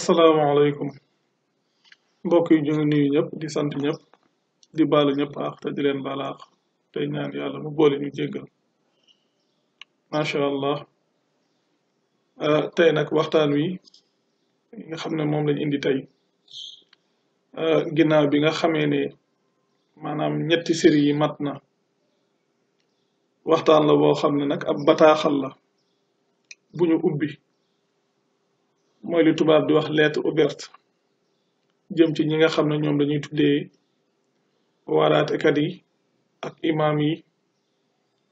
asalaamaaleykum mbokk yi ñu ngi nuyu ñëpp di sant ñëpp di baalu ñëpp aax te di leen baal aax tey ñaan yàlla mu boole ñu jéggal macha allah tey nag waxtaan wi nga xam ne moom lañ indi tey ginnaaw bi nga xamee ne maanaam ñetti série yi mat na waxtaan la boo xam ne nag ab bataaxal la bu ñu ubbi. mooy li tubaab di wax lettre ouverte jëm ci ñi nga xam ne ñoom lañuy tuddee waaraatekat yi ak imaam yi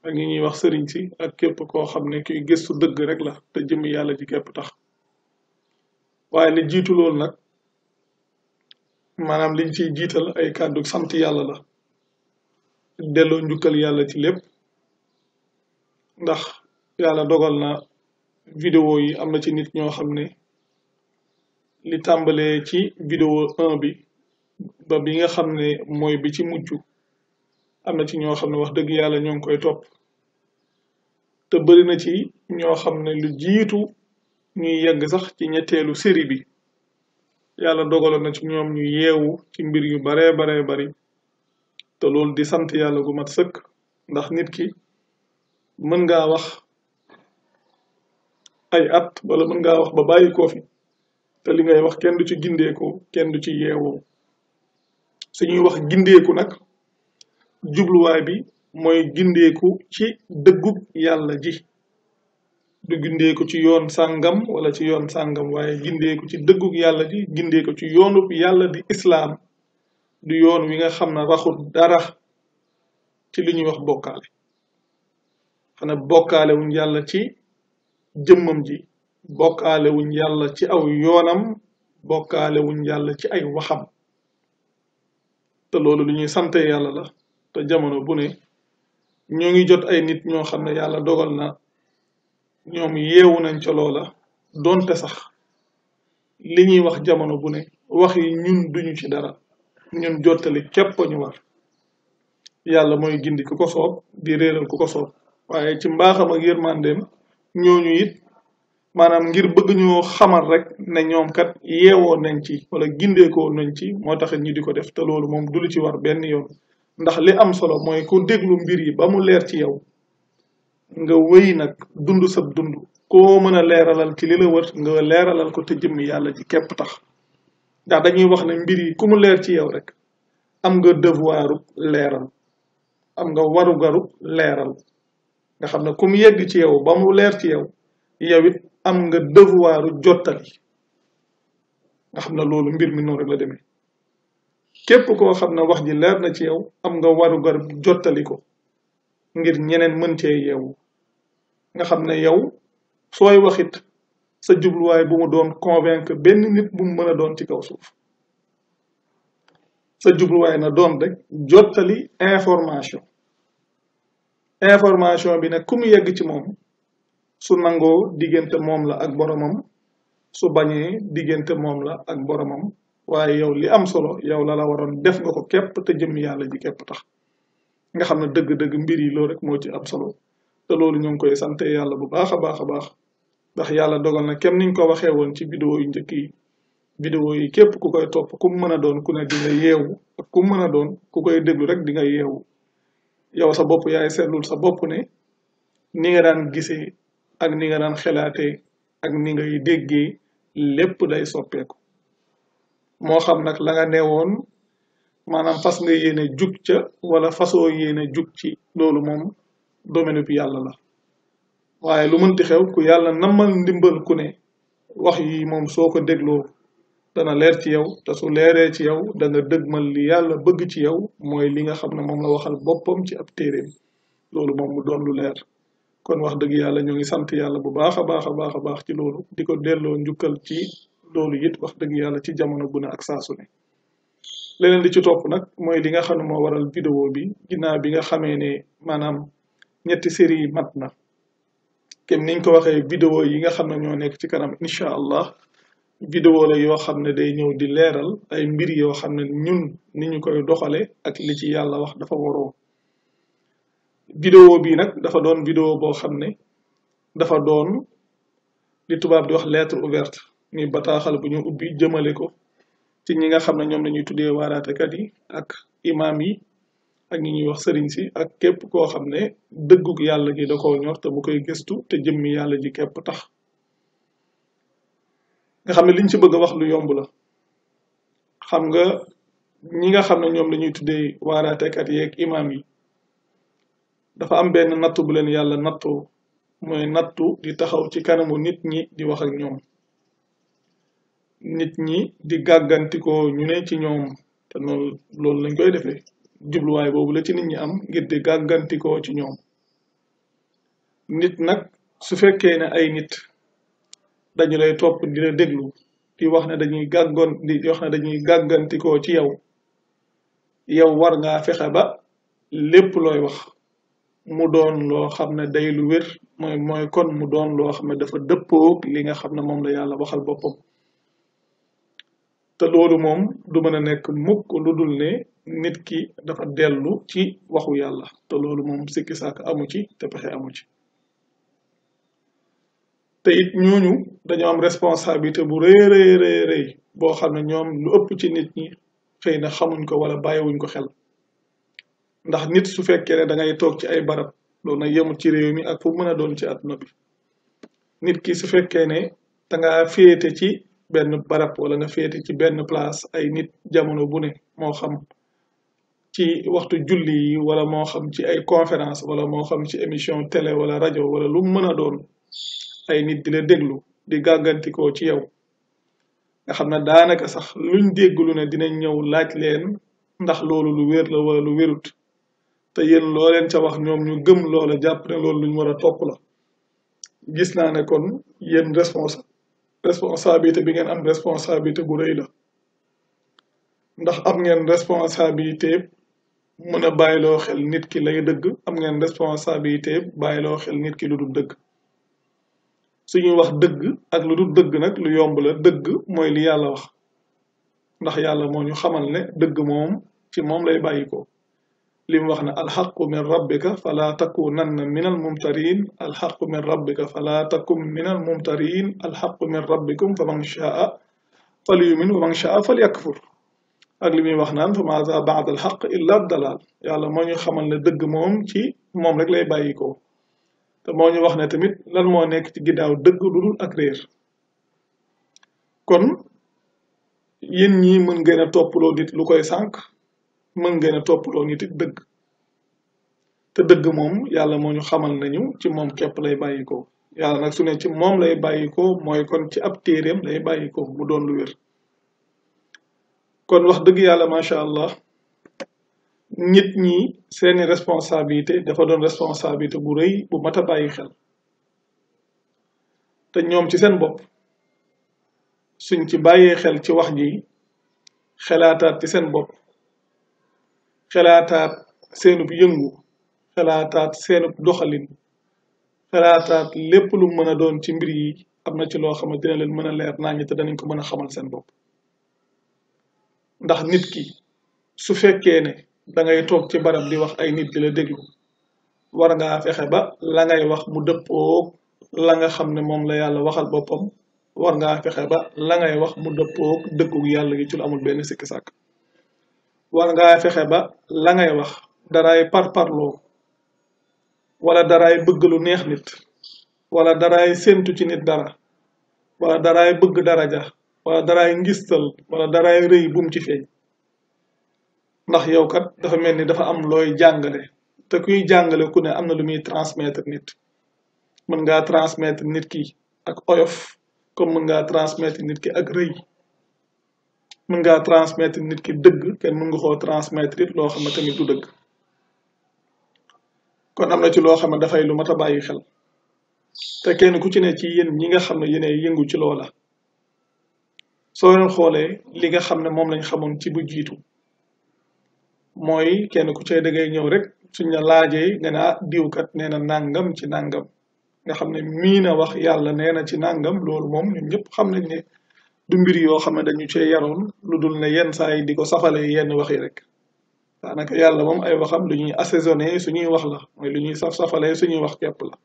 ak ñi ñuy wax sëriñ si ak képp koo xam ne kuy gëstu dëgg rek la te jëm yàlla ji képp tax waaye li jiitu loolu nag maanaam liñ ciy jiital ay kàddu sant yàlla la delloo njukkal yàlla ci lépp ndax yàlla dogal na vidéo yi am na ci nit ñoo xam ne li tàmbalee ci vidéo 1 bi ba bi nga xam ne mooy bi ci mujj am na ci ñoo xam ne wax dëgg yàlla ñoo ngi koy topp te bëri na ci ñoo xam ne lu jiitu ñuy yegg sax ci ñetteelu série bi yàlla dogaloon na ci ñoom ñu yeewu ci mbir yu baree baree bari te loolu di sant yàlla gu mat sëkk ndax nit ki mën ngaa wax ay at wala mën ngaa wax ba bàyyi koo te li ngay wax kenn du ci gindeeku kenn du ci yeewoo suñuy wax gindeeku nag jubluwaay bi mooy gindeeku ci dëggub yàlla ji du gindeeku ci yoon sàngam wala ci yoon sàngam waaye gindeeku ci dëggub yàlla ji gindeeku ci yoonub yàlla di islaam di yoon wi nga xam ne raxul dara ci li ñuy wax bokkaale xana bokkaale yàlla ci jëmmam ji bokkaale wuñ yàlla ci aw yoonam bokkaale wuñ yàlla ci ay waxam te loolu lu ñuy sante yàlla la te jamono bune ñoo ngi jot ay nit ñoo xam ne yàlla dogal na ñoom yeewu nañ ca loola doonte sax li ñuy wax jamono bu ne wax yi ñun duñu ci dara ñun jottali képp ñu war yàlla mooy gindi ku ko soob di réeral ku ko soob waaye ci mbaaxam ak yërmandeem ñooñu it maanaam ngir bëgg ñoo xamal rek ne ñoom kat yeewoo nañ ci wala gindeekoo nañ ci moo tax ñu di ko def te loolu moom du ci war benn yoon ndax li am solo mooy ku déglu mbir yi ba mu leer ci yow nga wéy nag dund sab dund ko mën a leeralal ci li la wër nga leeralal ko te jëmm yàlla ji képp tax ndax dañuy wax ne mbir yi ku leer ci yow rek am nga devoiru leeral am nga warugaru leeral nga xam ne ku mu yegg ci yow ba mu leer ci yow yow am nga devoiru jottali nga xam na loolu mbir mi noonu rek la demee képp koo xam ne wax ji leer na ci yow am nga warugar jottali ko ngir ñeneen mën cee yeewu nga xam ne yow sooy waxit sa jubluwaay bu mu doon convaincre benn nit bu mu mën a doon ci kaw suuf sa jubluwaay na doon rek jottali information information bi nag ku mu yegg ci moom su nangoo diggante moom la ak boromam su bañee diggante moom la ak boromam waaye yow li am solo yow la la waroon def nga ko képp te jëm yàlla ji képp tax nga xam ne dëgg-dëgg mbir yi loolu rek moo ci am solo te loolu ñu ngi koy sante yàlla bu baax a baax a baax ndax yàlla dogal na kem niñ ko waxee woon ci vidéo yu njëkk yi vidéo yi képp ku koy topp ku mën a doon ku ne di nga yeewu ak mën a doon ku koy déglu rek di nga yeewu yow sa bopp yaay seetlul sa bopp ne ni nga daan gisee ak ni nga daan xalaatee ak ni ngay déggee lépp day soppeeku moo xam nag la nga newoon maanaam fas nga yéene jug ca wala fasoo yéene jug ci loolu moom domaine bi yàlla la waaye lu mënti xew ku yàlla namal ndimbal ku ne wax yi moom soo ko dégloo dana leer ci yow te su leeree ci yow da dëgg dëgmal li yàlla bëgg ci yow mooy li nga xam ne moom la waxal boppom ci ab téeréem loolu moom mu doon leer kon wax dëgg yàlla ñoo ngi sant yàlla bu baax a baax baax baax ci loolu di ko delloo njukkal ci loolu it wax dëgg yàlla ci jamono bu ne ak saasu ne leneen li ci topp nag mooy li nga xam ne moo waral vidéo bi ginnaaw bi nga xamee ne maanaam ñetti série mat na kem niñ ko waxee vidéo yi nga xam ne ñoo nekk ci kanam incha allah vidéo la yoo xam ne day ñëw di leeral ay mbir yoo xam ne ñun ni koy doxale ak li ci yàlla wax dafa waroo vidéo bii nag dafa doon vidéo boo xam ne dafa doon li tubaab di wax lettre ouverte muy bataaxal bu ñu ubbi jëmale ko ci ñi nga xam ne ñoom la ñuy tuddee waaraatekat yi ak imaam yi ak ñi ñuy wax sëriñ si ak képp koo xam ne dëggug yàlla gi da koo ñor te mu koy gëstu te jëmmi yàlla ji képp tax nga xam ne liñ ci bëgg a wax lu yomb la xam nga ñi nga xam ne ñoom la ñuy tuddee waaraatekat yeeg imam yi dafa am benn nattu bu yàlla nattoo mooy nattu di taxaw ci kanamu nit ñi di wax ak ñoom nit ñi di gàggantikoo ñu ne ci ñoom te noonu loolu lañ koy defee jubluwaay boobu la ci nit ñi am ngir di gàggantikoo ci ñoom nit nag su fekkee ne ay nit dañu lay topp di la déglu di wax ne dañuy gàggoon di wax dañuy gàggantikoo ci yow yow war ngaa fexe ba lépp looy wax mu doon loo xam ne day lu wér mooy mooy kon mu doon loo xam ne dafa dëppoo lii nga xam ne moom la yàlla waxal boppam te loolu moom du mën a nekk mukk lu dul ne nit ki dafa dellu ci waxu yàlla te loolu moom sikki amu ci te pexe amu ci te it ñooñu dañoo am responsabilité bu rëy rëy rëy rëy boo xam ne ñoom lu ëpp ci nit ki xëy na xamuñ ko wala bàyyiwuñ ko xel ndax nit su fekkee ne da ngay toog ci ay barab loolu nag yemul ci réew mi ak fu mën a doon ci àdduna bi nit ki su fekkee ne da ngaa féete ci benn barab wala nga féete ci benn place ay nit jamono bu ne moo xam ci waxtu juli wala moo xam ci ay conférence wala moo xam ci émission télé wala rajo wala lu mën a doon ay nit di la déglu di gàggantikoo ci yow nga xam ne daanaka sax luñ déglu ne dinañ ñëw laaj leen ndax loolu lu wér la wala lu wérut te yéen loo leen ca wax ñoom ñu gëm loola jàpp ne loolu luñ war a topp la gis naa ne kon yéen responsa responsabilité bi ngeen am responsabilité bu rëy la ndax am ngeen responsabilité mën a bàyyiloo xel nit ki lay dëgg am ngeen responsabilité bàyyiloo xel nit ki lu dul dëgg suñu wax dëgg ak lu dul dëgg nag lu yomb la dëgg mooy li yàlla wax ndax yàlla moo ñu xamal ne dëgg moom ci moom lay bàyyi ko لم وخنا الحق من ربك فلا تكونن من الممترين الحق من ربك فلا تكن من الممترين الحق من ربكم فمن شاء فليؤمن ومن شاء فليكفر لي مي وخنا فما ذا بعد الحق الا الضلال يالا ما ني خمال ني دغ موم تي موم رك لاي بايكو تا ما ني وخنا تاميت لان مو نيك تي غيداو دغ دودول اك رير كون يين ني مون غينا توبلو نيت لوكاي سانك mën ngeen a toppaloo nit dëgg te dëgg moom yàlla moo ñu xamal nañu ci moom képp lay bàyyikoo yàlla nag su ci moom lay bàyyikoo mooy kon ci ab téeréem lay bàyyikoo mu doon lu wér kon wax dëgg yàlla macha allah nit ñi seeni responsabilité dafa doon responsabilité bu rëy bu mat a bàyyi xel te ñoom ci seen bopp suñ ci bàyyee xel ci wax ji xelaataat ci seen bopp xalaataat seenub yëngu xalaataat seenub doxalin xalaataat lépp lu mën a doon ci mbiri am na ci loo xam ne dina leen mën a leer naañu te danañ ko mën a xamal seen bopp ndax nit ki su fekkee ne da toog ci barab di wax ay nit di la déglu war ngaa fexe ba la ngay wax mu dëppoo la nga xam ne moom la yàlla waxal boppam war ngaa fexe ba la ngay wax mu dëppoo dëkku yàlla gi ci lu amul benn sikki war nga fexé ba la ngay wax daray par parlo wala daray bëgg lu neex nit wala daray sentu ci nit dara wala daray bëgg daraja wala daray ngistal wala daray reey bum ci feñ ndax yow kat dafa melni dafa am loy jangale te kuy jangale ku ne amna lu muy transmettre nit mën nga transmettre nit ki ak oyof comme mën nga transmettre nit ki ak reuy mën ngaa transmettre nit ki dëgg kenn mën nga koo transmettre it loo xam ne tamit du dëgg kon am na ci loo xam ne dafay lu mat a bàyyi xel te kenn ku ci ne ci yéen ñi nga xam ne yéenay yëngu ci loola soo leen xoolee li nga xam ne moom lañ xamoon ci bu jiitu mooy kenn ku cay dangay ñëw rek suñ la laajee nga ne ah diwkat nee na nàngam ci nàngam nga xam ne mii na wax yàlla nee na ci nàngam loolu moom ñun ñëpp xam nañ ne du mbir yoo xam ne dañu cee yaroon lu dul ne yenn saa yi di ko saxalee yenn wax yi rek daanaka yàlla moom ay waxam lu ñuy assaisonné suñuy wax la mooy lu ñuy saf safalee suñuy wax képp la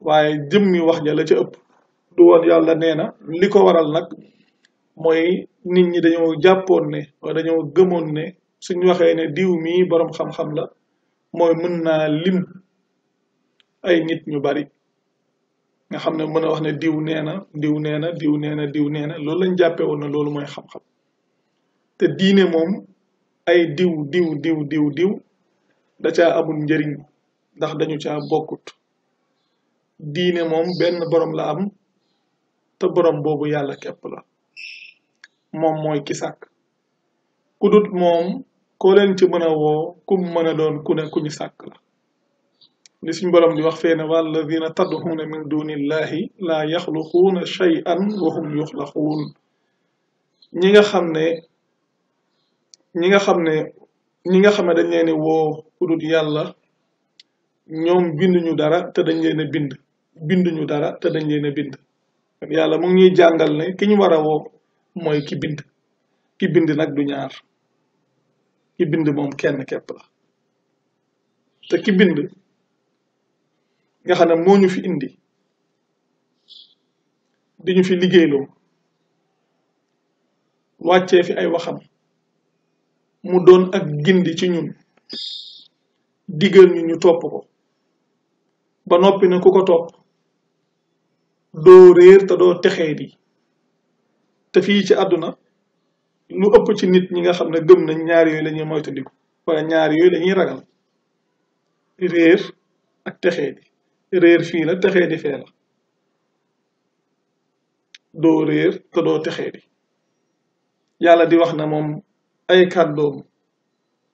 waaye jëmmi wax ja la ca ëpp du woon yàlla nee na li ko waral nag mooy nit ñi dañoo jàppoon ne wala dañoo gëmoon ne suñ waxee ne diw mi boroom xam-xam la mooy mën na lim ay nit ñu bari nga xam ne mën a wax ne diw nee na diw nee na diw nee na diw nee na loolu lañ jàppe woon na loolu mooy xam-xam te diine moom ay diw diw diw diw diw da caa amul njëriñ ndax dañu caa bokkut diine moom benn borom la am te borom boobu yàlla képp la moom mooy ki sàkk ku dut moom koo leen ci mën a woo kum mën a doon ku ne ku ñu sàkk la li suñ borom di wax fee ne walladina tadduxuuna min dunillahi laa yaxluquuna shay'an wa hum yuxlaquun ñi nga xam ne ñi nga xam ne ñi nga xam ne dañ leen woo ku yàlla ñoom binduñu dara te dañ leen bind binduñu dara te dañ leen bind yàlla mu ngi ñuy jàngal ne ki ñu war a woo mooy ki bind ki bind nag du ñaar ki bind moom kenn kepp la te ki bind nga xam ne moo ñu fi indi di ñu fi liggéeyloo wàccee fi ay waxam mu doon ak gindi ci ñun digal yi ñu topp ko ba noppi na ku ko topp doo réer te doo texee di te fii ci àdduna lu ëpp ci nit ñi nga xam ne gëm nañ ñaar yooyu la moytandiku wala ñaar yooyu la ragal réer ak texee di réer fii la texee di réer te doo texee di di wax na moom ay kàddoom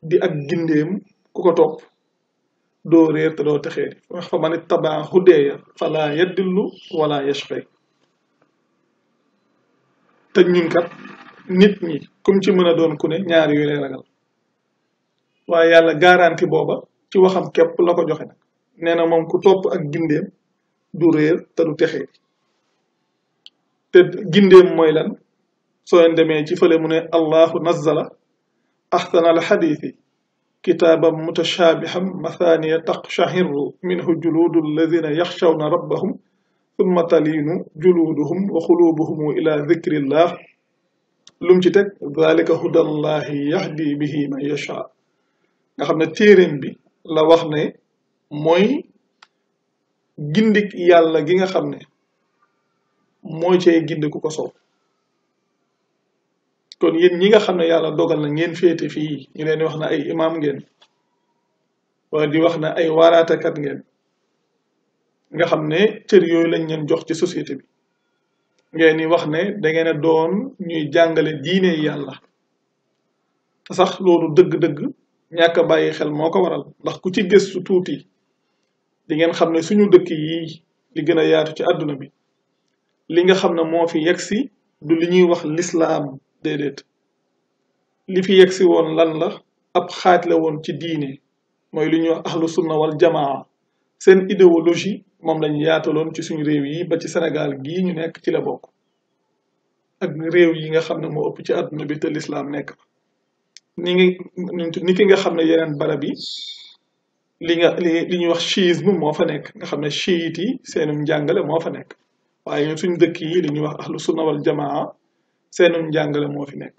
di ak gindeem ku ko topp doo réer te doo texee wax fa man ittabaa hudeeya fala yaddillu wala yashqay te ñun kat nit ñi comme ci mën a doon ñaar yu lay ragal waaye yàlla garanti booba ci waxam képp la ko joxe nag nee na moom ku topp ak gindeem du réer te du texee te gindeem mooy lan soo leen demee ci fële mu ne allahu nazzala axsana alxadiisi kitaaban mutashaabihan mathaniya taqshahirru minhu juluudu alladina yaxshawna rabbahum summa taliinu juluuduhum wa xuluubuhum ila dikrillah lum ci teg dalika hudallahi yahdi bihi man yasha nga xam ne téeréem bi la wax ne mooy gindik yàlla gi nga xam ne mooy ce gind ko soob kon yéen ñi nga xam ne yàlla dogal na ngeen féete fii ñu leen di wax na ay imaam ngeen wala di wax na ay waaraatekat ngeen nga xam ne cër yooyu lañ leen jox ci société bi ngeen di wax ne dangeen ngeen doon ñuy jàngale diine yàlla te sax loolu dëgg-dëgg ñàkk a bàyyi xel moo ko waral ndax ku ci gëstu tuuti di xam ne suñu dëkk yi li gën a yaatu ci àdduna bi li nga xam ne moo fi yegsi du li ñuy wax lislaam déedéet li fi yegsi woon lan la ab xaaj la woon ci diine mooy lu ñuy wax ahlu sunna wal jamaa seen idéologie moom lañu yaataloon ci suñu réew yi ba ci Sénégal gii ñu nekk ci la bokk ak réew yi nga xam ne moo ëpp ci àdduna bi te lislaam nekk ni ngi ni ki nga xam ne yeneen barab yi li nga li li ñuy wax chiisme moo fa nekk nga xam ne chiite yi seenum njàngale moo fa nekk waaye ñun suñ dëkk yi li ñuy wax ahlu sunna wal jamaa seenum njàngale moo fi nekk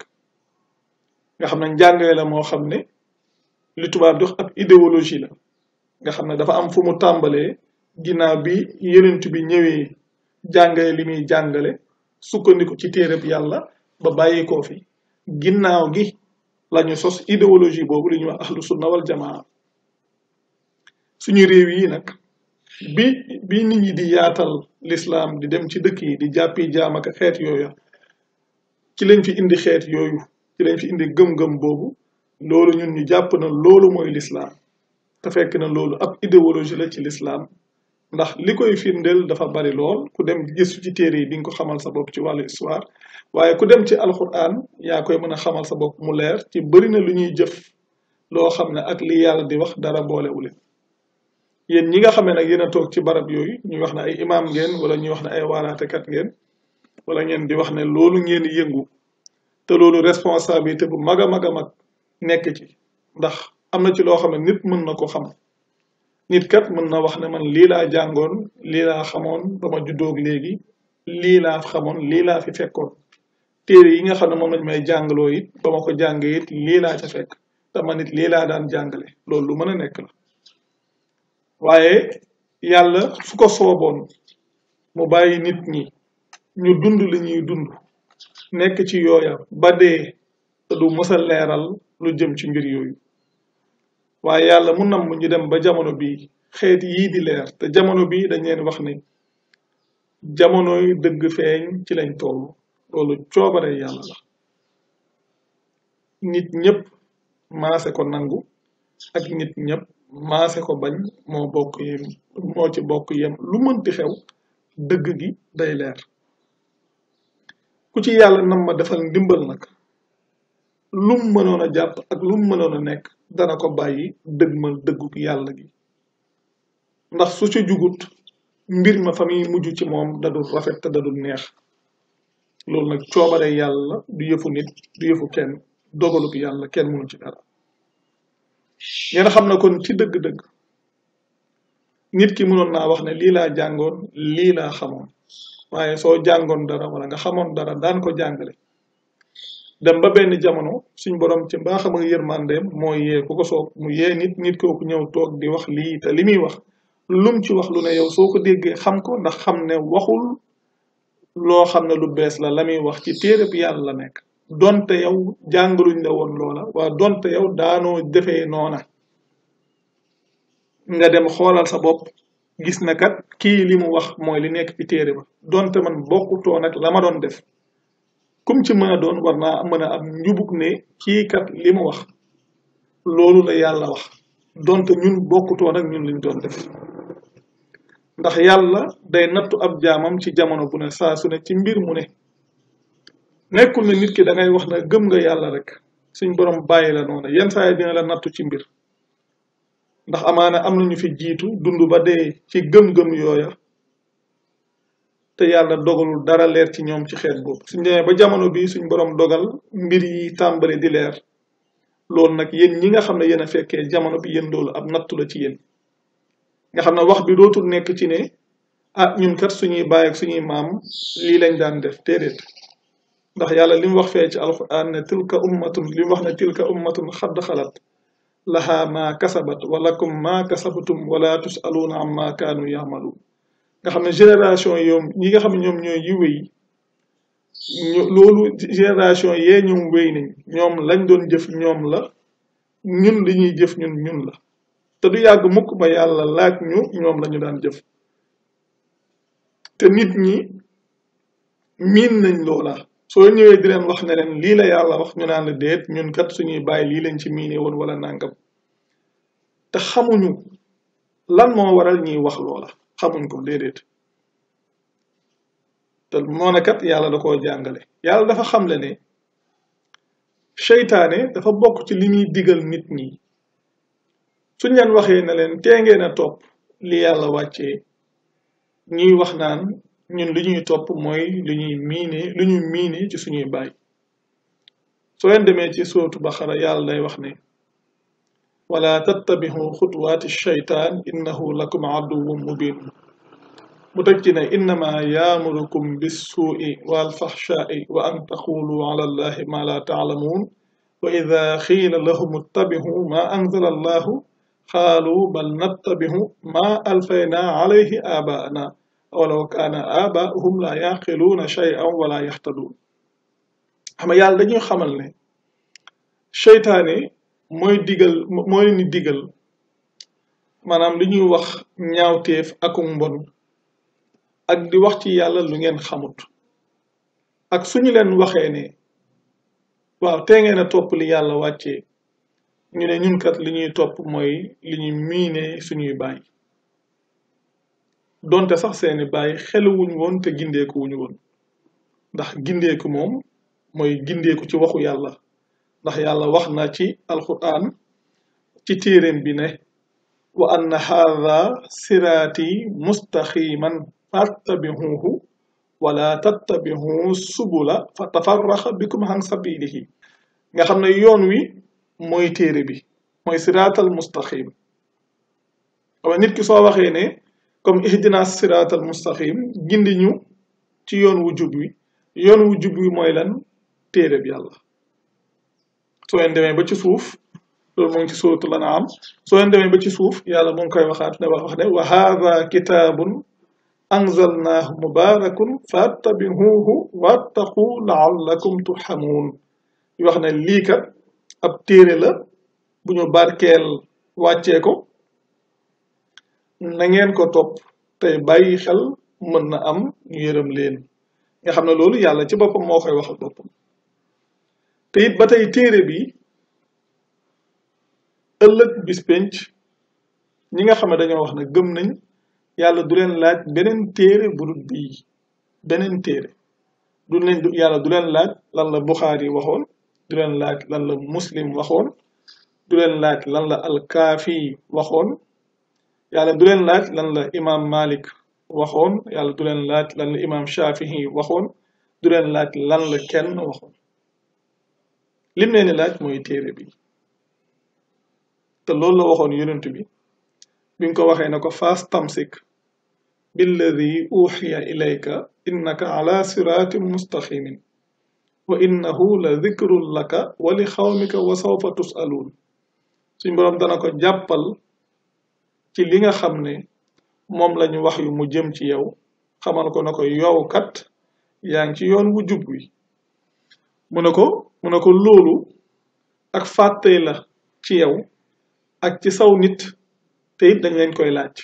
nga xam ne njàngale moo xam ne li tubaab di wax ab idéologie la nga xam ne dafa am fu mu tàmbalee ginnaaw bi yenent bi ñëwee jàngale li muy jàngale sukkandiku ci téereb yàlla ba bàyyi koo fi ginnaaw gi la ñu sos idéologie boobu li wax ahlu sunna wal jamaa suñu réew yi nag hmm. bi bi nit ñi di yaatal lislaam di dem ci dëkk yi di jàppi jaam ak xeet yooyu ci lañ fi indi xeet yooyu ci lañ fi indi gëm-gëm boobu loolu ñun ñu jàpp na loolu mooy lislaam te fekk na loolu ab idéologie la ci lislaam ndax li koy firndeel dafa bari lool ku dem gëstu ci téere yi di nga ko xamal sa bopp ci wàllu histoire waaye ku dem ci alxuraan yaa koy mën a xamal sa bopp mu leer ci bëri na lu ñuy jëf loo xam ne ak li yàlla di wax dara boolewule yéen ñi nga xam ne nag yéen a toog ci barab yooyu ñuy wax ne ay imaam ngeen wala ñuy wax ne ay waaraatekat ngeen wala ngeen di wax ne loolu ngeen yëngu te loolu responsabilité bu mag a mag a mag nekk ci ndax am na ci loo xam ne nit mën na ko xam nit kat mën na wax ne man lii laa jàngoon lii laa xamoon ba ma juddoog léegi lii laa xamoon lii laa fi fekkoon téere yi nga xam ne moom lañ may jàngaloo it ba ma ko jàng it lii laa ca fekk te man it lii laa daan jàngale loolu lu mën a nekk la waaye yàlla su ko sooboon mu bàyyi nit ñi ñu dund li dund nekk ci yooya ba dee lu mësa leeral lu jëm ci mbir yooyu waaye yàlla mu nam ñu dem ba jamono bii xeet yii di leer te jamono bii dañ leen wax ne jamonoy dëgg feeñ ci lañ toll loolu coobare yàlla la nit ñëpp maase ko nangu ak nit ñëpp maase ko bañ moo bokk yem moo ci bokk yem lu mënti xew dëgg gi day leer ku ci yàlla nam ma defal ndimbal nag lum mënoon a jàpp ak lum mënoon a nekk dana ko bàyyi dëgmal dëggu yàlla gi ndax su ci jugut mbir ma fa muy mujj ci moom dadul rafet te dadul neex loolu nag coobare yàlla du yëfu nit du yëfu kenn dogalu yàlla kenn mënu ci dara ngeen xam ne kon ci dëgg-dëgg nit ki mënoon naa wax ne lii laa jàngoon lii laa xamoon waaye soo jàngoon dara wala nga xamoon dara daan ko jàngale dem ba benn jamono suñ borom ci mbaaxam ak yërmandeem mooy yee ku ko soog mu yee nit nit ñëw toog di wax lii li muy wax lum ci wax lu ne yow soo ko déggee xam ko ndax xam ne waxul loo xam ne lu bees la la wax ci téereb yàlla la nekk donte yow jàngaluñ la woon loola wa donte yow daanoo defee noona nga dem xoolal sa bopp gis na kat kii li mu wax mooy li nekk ci téere ba donte man bokkutoo nag la ma doon def kum ci mën a doon war naa mën am njubug ne kii kat li wax loolu la yàlla wax donte ñun bokkutoo nag ñun liñ doon def ndax yàlla day nattu ab jaamam ci jamono bu ne saa su ci mbir mu ne nekkul ne nit ki da wax na gëm nga yàlla rek suñ borom bàyyi la noonu yenn saa yi dina la nattu ci mbir ndax amaana am na ñu fi jiitu dund ba dee ci gëm-gëm yooya te yàlla dogalul dara leer ci ñoom ci xeet boobu suñ ba jamono bi suñ borom dogal mbir yi tàmbali di leer loolu nag yéen ñi nga xam ne yéen a fekkee jamono bi yéen loolu ab nattu la ci yéen nga xam ne wax bi dootul nekk ci ne ah ñun kat suñuy bàyyi suñuy maam lii lañ daan def déedéet ndax yàlla lim wax fee ci alquran ne tilka ummatun lim wax ne tilka ummatun xadd xalat laha ma kasabat wa lakum ma kasabtum wa la tusaluna amma kanu yaamaluun nga xam ne génération yoom ñi nga xam ne ñoom ñooy yi wéy ñu loolu génération yee ñoom wéy nañ ñoom lañ doon jëf ñoom la ñun li ñuy jëf ñun ñun la te du yàgg mukk ba yàlla laaj ñu ñoom lañu daan jëf te nit ñi miin nañ loola soo ñëwee di leen wax ne lii la yàlla wax ñu naan la déet ñun kat suñuy bàyyi lii lañ ci miine woon wala nangam te xamuñu lan moo waral ñuy wax loola xamuñ ko déedéet te moo kat yàlla da koo jàngale yàlla dafa xam le ne seytaane dafa bokk ci li ñuy digal nit ñi suñ leen waxee ne leen ngeen a topp li yàlla wàcce ñuy wax naan ñun li ñuy topp mooy li ñuy miine li ñuy miine ci suñuy baay soo leen demee ci sootu baxara yàlla lay wax ne wala tattabihu xutwaati shaytaan innahu lakum aduwun mubin mu teg ci ne innama yaamurukum bissuui walfaxshaai wa an taqulu ala allahi ma la taalamuun wa ida xiila lahum ittabihu ma anzala allahu qaalu bal nattabihu ma alfayna alayhi aabaana walaw kaana aabaahum laa yaqiluuna shay'an wala yaxtaduun xam nga yàlla dañuy xamal ne seytaane mooy digal mooy ni digal maanaam li ñuy wax ñaawteef ak mbon ak di wax ci yàlla lu ngeen xamut ak suñu leen waxee ne waaw tee ngeen a topp li yàlla wàccee ñu ne ñun kat li ñuy topp mooy li ñu miinee suñuy bàyyi donte sax seeni bàyyi xelawuñu woon te gindeeku wuñu woon ndax gindeeku moom mooy gindeeku ci waxu yàlla ndax yàlla wax na ci alquran ci téeréem bi ne wa anna haadha siraati mustaqiman fattabihuhu wala tattabihu subula fa tafarraxa bikum han sabilihi nga xam ne yoon wi mooy téere bi mooy siraatal mustaqim nit ki soo waxee ne comme ihdina sirat al mustaqim gindi ñu ci yoon wu jub wi yoon wu jub wi mooy lan téere bi yàlla so leen demee ba ci suuf loolu mu ngi ci suratul anam soo leen demee ba ci suuf yàlla mu ngi koy waxaat ne wax ne wa hadha kitabun anzalnahu mubarakun fattabihuhu wattaqu laallakum turhamun wax ne lii kat ab téere la bu ñu barkeel wàccee ko na ngeen ko topp tey bàyyi xel mën na am ñu yërëm leen nga xam ne loolu yàlla ci boppam moo koy waxal boppam te it ba tey téere bi ëllëg bis penc ñi nga xam ne dañoo wax ne gëm nañ yàlla du leen laaj beneen téere bu bi bii beneen téere du leen yàlla du leen laaj lan la Buxaari waxoon du leen laaj lan la Muslim waxoon du leen laaj lan la Alkaafi waxoon يالا دولن لات لان لا امام مالك وخون يالا دولن لات لان لا امام شافعي وخون دولن لات لان لا كين وخون لم نين لات موي تيري بي تلول لول لا وخون يونت بي بين كو واخاي نكو فاس تامسيك بالذي اوحي اليك انك على صراط مستقيم وانه لذكر لك ولقومك وسوف تسالون سيمبرام دا نكو جابال ci li nga xam ne moom lañu wax yu mu jëm ci yow xamal ko na ko yow kat yaa ngi ci yoon wu jub wi mu ne ko mu ne ko loolu ak fàtte la ci yow ak ci saw nit te it dañ leen koy laaj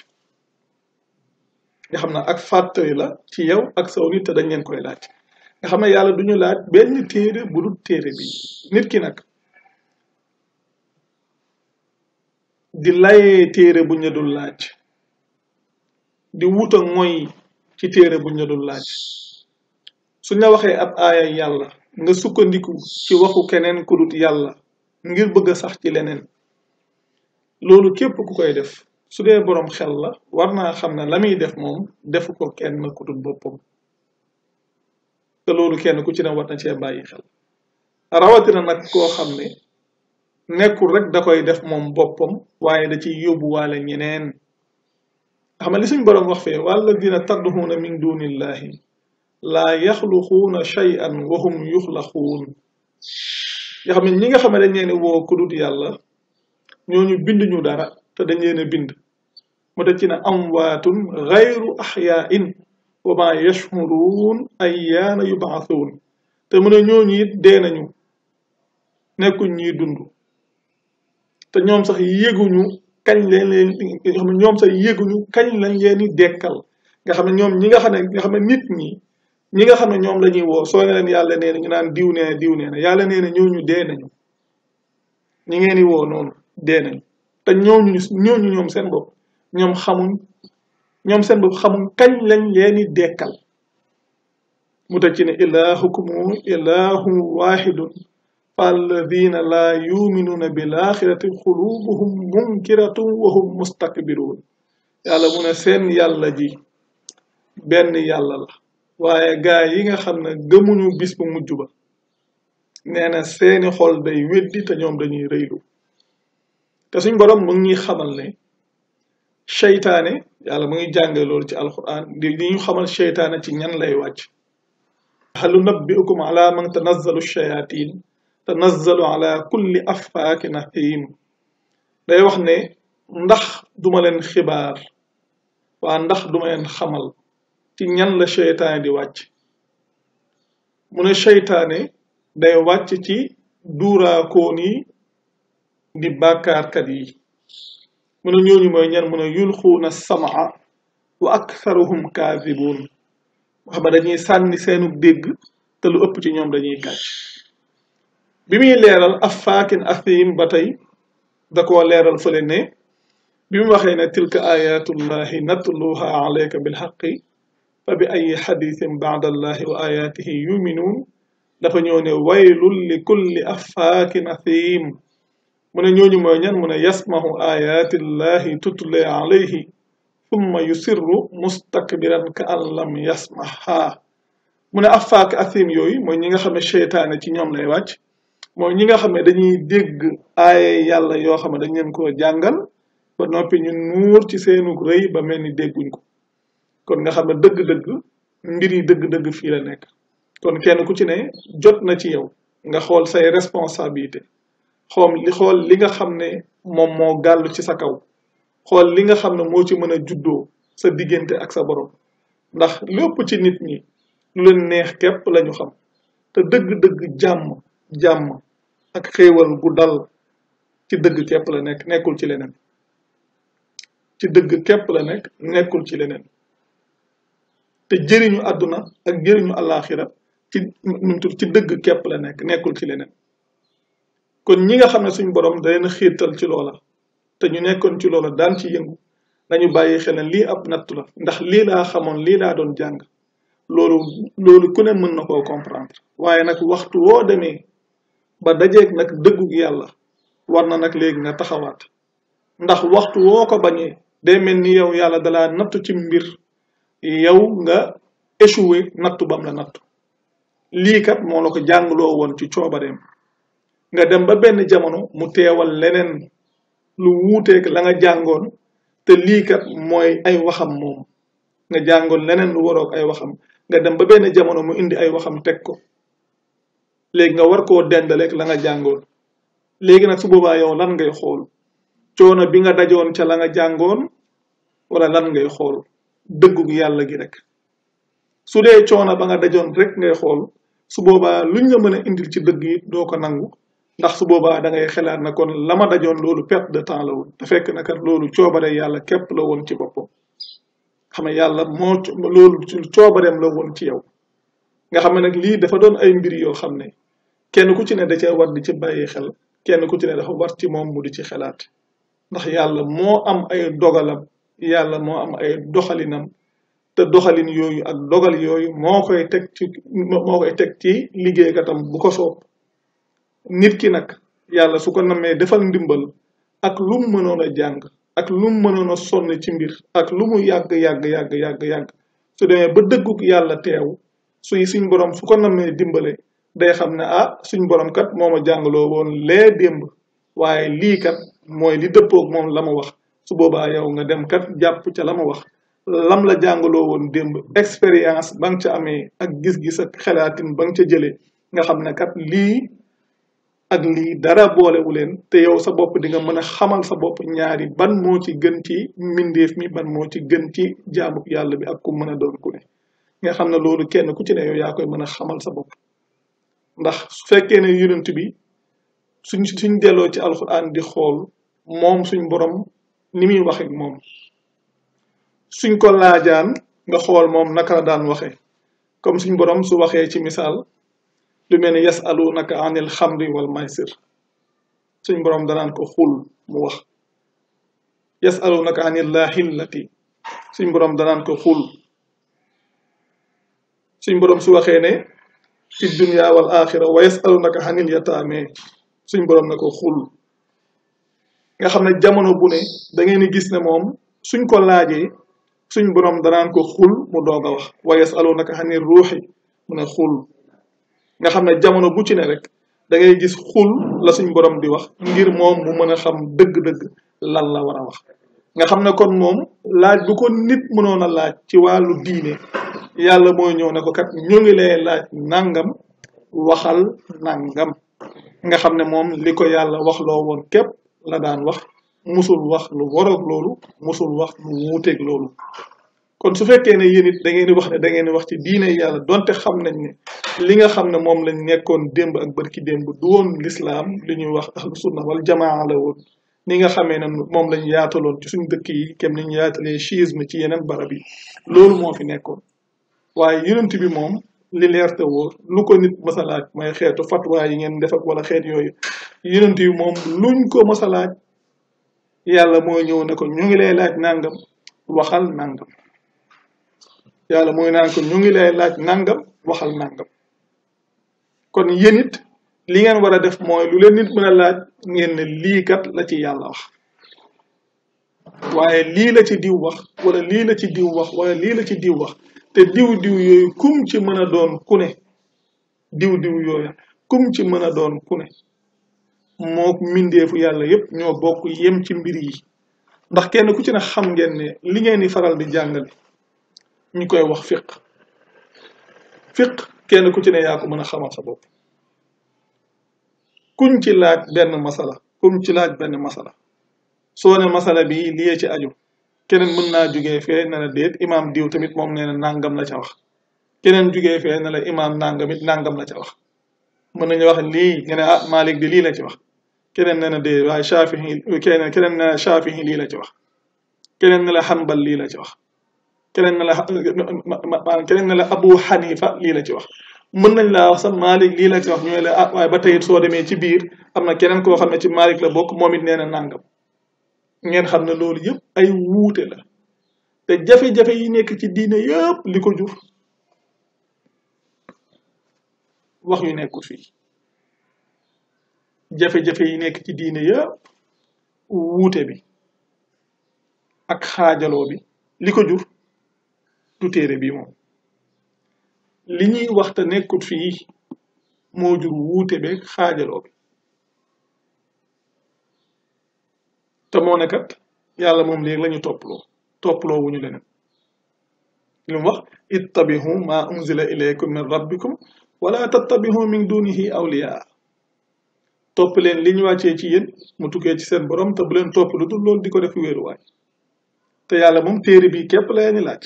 nga xam ne ak fàtte la ci yow ak saw nit te dañ leen koy laaj nga xam ne yàlla du ñu laaj benn téere bu dul téere bi nit ki nag di laye téere bu ñëdul laaj di wut ak moy ci téere bu ñëdul laaj su ñu waxee ab aya yalla nga sukkandiku ci waxu keneen ku dut yalla ngir bëgg sax ci leneen loolu képp ku koy def su dee borom xel la war naa xam ne la def moom defu ko kenn ku dut boppam te loolu kenn ku ci ne war na cee bàyyi xel rawatina nag koo xam nekkul rek da koy def moom boppam waaye da ciy yóbbuwaale ñeneen xam li suñ borom wax fee walladina tadduhuuna min dunillahi laa yaxluquuna shay'an wa hum yuxlaquun yoo xam ne ñi nga xam ne dañ leen woo kudut yàlla ñooñu bind ñu dara te dañ leen bind mu teg ci ne amwaatun gayru axyaain wa ma yashhuruun ayaana yubaathuun te mu ne ñooñu it dee nañu nekkuñ ñuy dund te ñoom sax yéeguñu kañ leen ñoom sax yéeguñu kañ lañ leen di dekkal nga xam ne ñoom ñi nga xam ne nga xam ne nit ñi ñi nga xam ne ñoom la ñuy woo soo ne leen yàlla nee na ñu naan diw nee na diw nee na yàlla nee na ñooñu ñi ngeen di woo noonu dee nañu te ñooñu ñooñu ñoom seen bopp ñoom xamuñ ñoom seen bopp xamuñ kañ lañ leen di dekkal mu teg ci ne ilaahukum ilaahun waahidun فالذين لا يؤمنون بالآخرة قلوبهم منكرة وهم مستكبرون yàlla mu ne seen yàlla ji benn yàlla la waaye gaay yi nga xam ne gëmuñu bis bu mujj ba na seeni xool day weddi te ñoom dañuy rëylu te suñ borom mu ngi xamal ne seytaane yàlla mu ngi jàngalool ci alquran di ñu xamal seytaane ci ñan lay wàcc hal nunabbi'ukum ala man tanazzalu shayatin tanazzalu ala kulli affaakin ahiim day wax ne ndax duma leen xibaar waa ndax duma leen xamal ci ñan la seytaane di wàcc mu ne seytaane day wàcc ci duuraakoon yi di bàkkaarkat yi mu ne ñooñu mooy ñan mu ne yulxuuna samaa wa aktharuhum kaadibuun wax ba dañuy sànni seenu dégg te lu ëpp ci ñoom dañuy kàcc bi muy leeral affaakin athiim ba tey da koo leeral fële ne bi mu waxee ne tilka ayatullahi natluha alayka bilxaqi fa bi ay xadisin baada allahi wa ayatihi yuminuun dafa ñëw ne waylul li kulli affaakin athiim mu ne ñooñu mooy ñan mu ne yasmahu ayatillahi tutule alayhi summa yusirru mustakbiran ka an lam yasmaha mu ne affaak athiim yooyu mooy ñi nga xam ne cheytaane ci ñoom lay wàcc mooy ñi nga xam ne dañuy dégg aaye yàlla yoo xam ne dañ leen koo jàngal ba noppi ñu nuur ci seenu rëy ba mel ni dégguñ ko kon nga xam ne dëgg-dëgg mbir yi dëgg-dëgg fii la nekk kon kenn ku ci ne jot na ci yow nga xool say responsabilité xool li xool li nga xam ne moom moo gàll ci sa kaw xool li nga xam ne moo ci mën a juddoo sa diggante ak sa boroom ndax lépp ci nit ñi lu leen neex képp lañu xam te dëgg-dëgg jàmm jàmm ak xéewal gu dal ci dëgg képp la nekk nekkul ci leneen ci dëgg képp la nekk nekkul ci leneen te jëriñu àdduna ak jëriñu àllaaxira ci numtul ci dëgg képp la nekk nekkul ci leneen kon ñi nga xam ne suñ borom da leen xiirtal ci loola te ñu nekkoon ci loola daan ci yëngu dañu bàyyi xel ne lii ab nattu la ndax lii la xamoon lii laa doon jàng loolu loolu ku ne mën na koo comprendre waaye nag waxtu woo demee ba dajeeg nag dëggu gi yàlla war na nag léegi nga taxawaat ndax waxtu woo ko bañee day mel ni yow yàlla dalaa nattu ci mbir yow nga échoué nattu bam la nattu lii kat moo la ko jàngloo woon ci coobareem nga dem ba benn jamono mu teewal leneen lu wuuteeg la nga jàngoon te lii kat mooy ay waxam moom nga jàngoon leneen lu waroog ay waxam nga dem ba benn jamono mu indi ay waxam teg ko léegi nga war koo dendaleeg la nga jàngoon léegi nag su boobaa lan ngay xool coono bi nga dajoon ca la nga jàngoon wala lan ngay xool dëggu yàlla gi rek su dee coono ba nga dajoon rek ngay xool su boobaa luñ la mën a indil ci dëgg yi doo ko nangu ndax su boobaa da ngay xelaat na kon la ma dajoon loolu perte de temps la woon te fekk na kat loolu coobare yàlla képp la woon ci boppam xam nga yàlla moo loolu coobareem la woon ci yow nga xam ne nag lii dafa doon ay mbir yoo xam ne kenn ku ci ne da cee war di ci bàyyi xel kenn ku ci ne dafa war ci moom mu di ci xalaat ndax yàlla moo am ay dogalam yàlla moo am ay doxalinam te doxalin yooyu ak dogal yooyu moo koy teg ci moo koy teg ci liggéeykatam bu ko soob nit ki nag yàlla su ko namee defal ndimbal ak lu mu mënoon jàng ak lu mu mënoon a sonn ci mbir ak lu mu yàgg yàgg yàgg yàgg yàgg su demee ba dëggug yàlla teew suy suñ borom su ko namee dimbale day xam ne ah suñ borom kat moo ma jàngaloo woon lee démb waaye lii kat mooy li dëppoog moom la ma wax su boobaa yow nga dem kat jàpp ca la ma wax lam la jàngaloo woon démb expérience ba nga ca amee ak gis-gis ak xelaatin ba nga ca jëlee nga xam ne kat lii ak lii dara boolewu leen te yow sa bopp di nga mën a xamal sa bopp ñaari ban moo ci gën ci mbindeef mi ban moo ci gën ci jaamu yàlla bi ak ku mën a doon ku nga xamne lolu kenn ku ci ne yow yaa koy mën xamal sa bop ndax su fekke ne yoonent bi suñ suñ delo ci alquran di xol mom suñ borom ni muy waxe mom suñ ko lajaan nga xol mom naka la daan waxe comme suñ borom su waxe ci misal lu melni ni yasalunaka anil khamri wal maisir suñ borom da nan ko xul mu wax yasalunaka anil lahillati suñ borom da nan ko xul suñ borom su waxé ne fi dunya wal axira wa yasalunaka 'anil yataame suñ borom nako ko xul nga xamné jamono bu ne da ngay ni gis ne mom suñ ko laajee suñ borom nan ko xul mu doga wax wa yasalunaka 'anil ruhi mu ne xul nga xamné jamono bu ci ne rek da ngay gis xul la suñ borom di wax ngir mom mu mëna xam deug deug lan la wara wax nga xamne kon mom laaj bu ko nit mënon laaj ci walu diine yàlla mooy ñëw ne ko kat ñu ngi lay laaj nangam waxal nangam nga xam ne moom li ko yàlla wax loo woon képp la daan wax musul wax lu waroog loolu musul wax lu wuuteeg loolu kon su fekkee ne yéen it da ngeen di wax ne da ngeen di wax ci diine yàlla donte xam nañ ne li nga xam ne moom lañ nekkoon démb ak bërki démb du woon lislaam li ñuy wax ahlu na wala jamaa la woon ni nga xamee ne moom lañ yaataloon ci suñ dëkk yi kem niñ yaatalee chiisme ci yeneen barab yi loolu moo fi waaye yonent bi moom li leer te wóor lu ko nit masalaaj mooy xeetu fatwa yi ngeen def wala xeet yooyu yonent bi moom luñ ko masalaaj yàlla mooy ñëw ne ko ngi lay laaj nangam waxal nangam yàlla mooy naan ko ñu ngi lay laaj nangam waxal nangam kon yéen li ngeen war a def mooy lu leen nit mën laaj ngeen ne lii kat la ci yàlla wax waaye lii la ci diw wax wala lii la ci diw wax wala lii la ci diw wax te diw diw yooyu kum ci mën a doon ku ne diw diw yooyu kum ci mën a doon ku ne moo mindeefu yàlla yépp ñoo bokk yem ci mbir yi ndax kenn ku ci ne xam ngeen ne li ngeen di faral di jàngale ñu koy wax fiq fiq kenn ku ci ne yaa ko mën a xamal sa bopp ci laaj benn masala kuñ ci laaj benn masala soo ne masala bi liyee ci aju keneen mën naa jugee fee na la déet imaam diw tamit moom nee na nangam la ca wax keneen jugee fee na la imaam nangamit nangam la ca wax mën nañu wax lii nga ne ah, lii la ci wax keneen nee na déet waaye Shafii keneen na Shafii lii la ci wax na ne la Hanbal lii la ci wax keneen na la keneen ne la Abu Hanifa lii la ci wax mën nañ laa wax sax Malik lii la ñu la ah ba tey soo demee ci biir am na keneen koo ne ci Malik bokk moom it nee na nangam ngeen xam ne loolu yëpp ay wuute la te jafe-jafe yi nekk ci diine yëpp li jur wax yu nekkul fii jafe-jafe yi nekk ci diine yëpp wuute bi ak xaajaloo bi li ko jur du téere bii moom li ñuy waxta nekkut fii moo jur wuute beeg xaajaloo bi te moo ne kat yàlla moom léegi la ñu topploo topploo wuñu leneen li mu wax ittabihu ma unzila ilaykum min rabbikum wala tattabihu min dunihi awliya topp leen li ñu wàccee ci yéen mu tukkee ci seen borom te bu leen topp lu dul loolu di ko def wéeruwaay te yàlla moom téere bi képp la leen laaj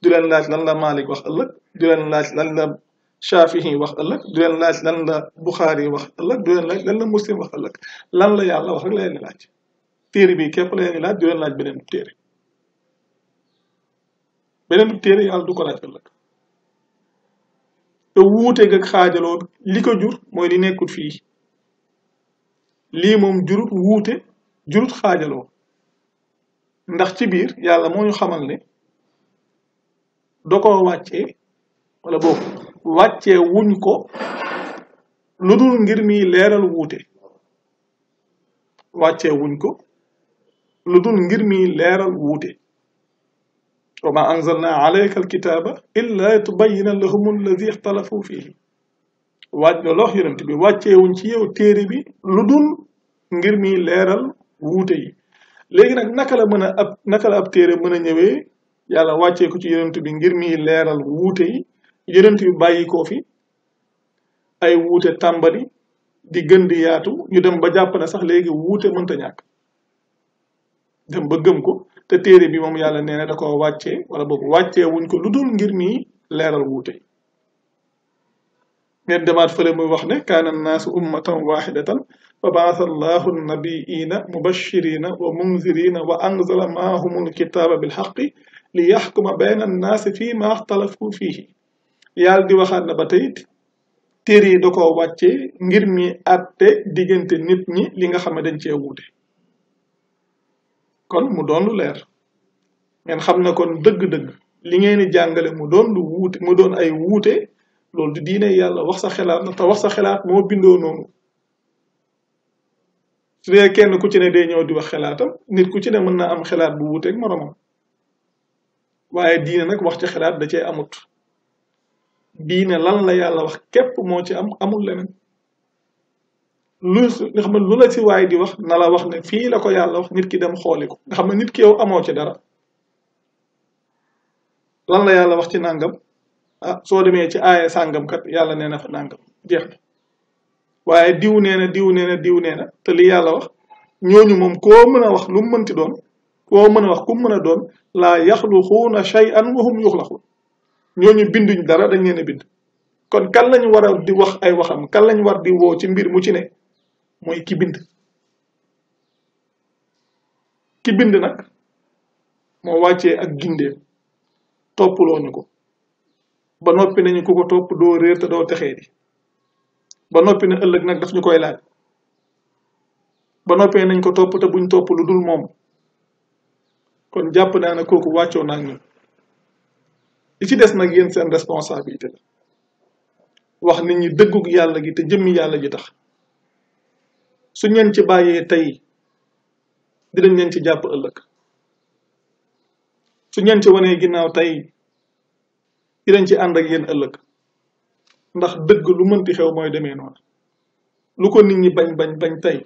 du leen laaj lan la Malik wax ëllëg du leen laaj lan la Shafihi wax ëllëg du leen laaj lan la Bukhari wax ëllëg du leen laaj lan la Muslim wax ëllëg lan la yàlla wax rek la leen laaj téere bi képp la ngi laaj du leen laaj beneen bu téere beneen bu téere yàlla du ko laaj ëllëg te wuute nga xaajaloo li ko jur mooy li nekkul fii lii moom jurut wuute jurut xaajaloo ndax ci biir yàlla moo ñu xamal ne da koo wàccee wala boobu wàccee wuñ ko lu dul ngir mi leeral wuute wàccee ko lu dul ngir mi leeral wuute wa ma anzalna alayka alkitaaba illa tubayyina lahum alladi ixtalafu fihi waaj na lox yonent bi wàcceewuñ ci yow téere bi lu dul ngir mi leeral wuute yi léegi nag naka la mën a ab naka mën a ñëwee yàlla wàccee ko ci yonent bi ngir mi leeral wuute yi yonent bi bàyyi koo fi ay wuute tàmbali di gën di yaatu ñu dem ba jàpp sax léegi wuute mënta ñàkk dem ba gëm ko te téré bi mom yàlla néna da ko waccé wala bok waccé wuñ ko luddul ngir mi léral wuté ngeen demat fële muy wax ne kaana nas ummatan wahidatan fa baasa allahu annabiyiina mubashirina wa munzirin wa anzala maahum al-kitaba bil bilxaqi li yahkuma bayna an-nas fi ma ikhtalafu fihi yal di waxat na batayit téré da ko waccé ngir mi àtte digënté nit ñi li nga xamé dañ ci wuté kon mu doon leer ngeen xam ne kon dëgg-dëgg li ngeen di jàngale mu doon lu wuute mu doon ay wuute loolu diine yàlla wax sa xelaat na wax sa xelaat moo bindoo noonu su dee kenn ku ci ne day ñëw di wax xelaatam nit ku ci ne mën naa am xelaat bu wuuteeg moromam waaye diine nag wax ci xelaat da cee amut diine lan la yàlla wax képp moo ci am amul leneen lu nga xam ne lu la si waay di wax na la wax ne fii la ko yàlla wax nit ki dem xooli ko nga xam ne nit ki yow amoo ci dara lan la yàlla wax ci nàngam ah soo demee ci aaya sàngam kat yàlla nee na fa nàngam jeex na waaye diw nee na diw nee na diw nee te li yàlla wax ñooñu moom ko mën a wax lu mu mënti doon koo mën a wax ku mën a doon laa yaxluquuna shay'an wa hum yuxlaquun ñooñu binduñ dara dañ leen a bind kon kan lañ war a di wax ay waxam kan lañ war di woo ci mbir mu ci ne mooy ki kibind ki bind nag moo wàccee ak gindeem toppuloo ñu ba noppi nañu ku ko topp doo réer te doo texee di ba noppi ne ëllëg nag daf ñu koy laaj ba noppee nañ ko topp te buñ topp dul moom kon jàpp naa ne kooku wàccoo naa ñun li ci des nag yéen seen responsabilité la wax nit ñi dëggug yàlla gi te jëmmi yàlla ji tax su ñeen ci bàyyee tey dinañ leen ci jàpp ëllëg su ñeen ci wanee ginnaaw tey di dinañ ci ànd ak yéen ëllëg ndax dëgg lu mënti xew mooy demee noonu lu ko nit ñi bañ bañ bañ tey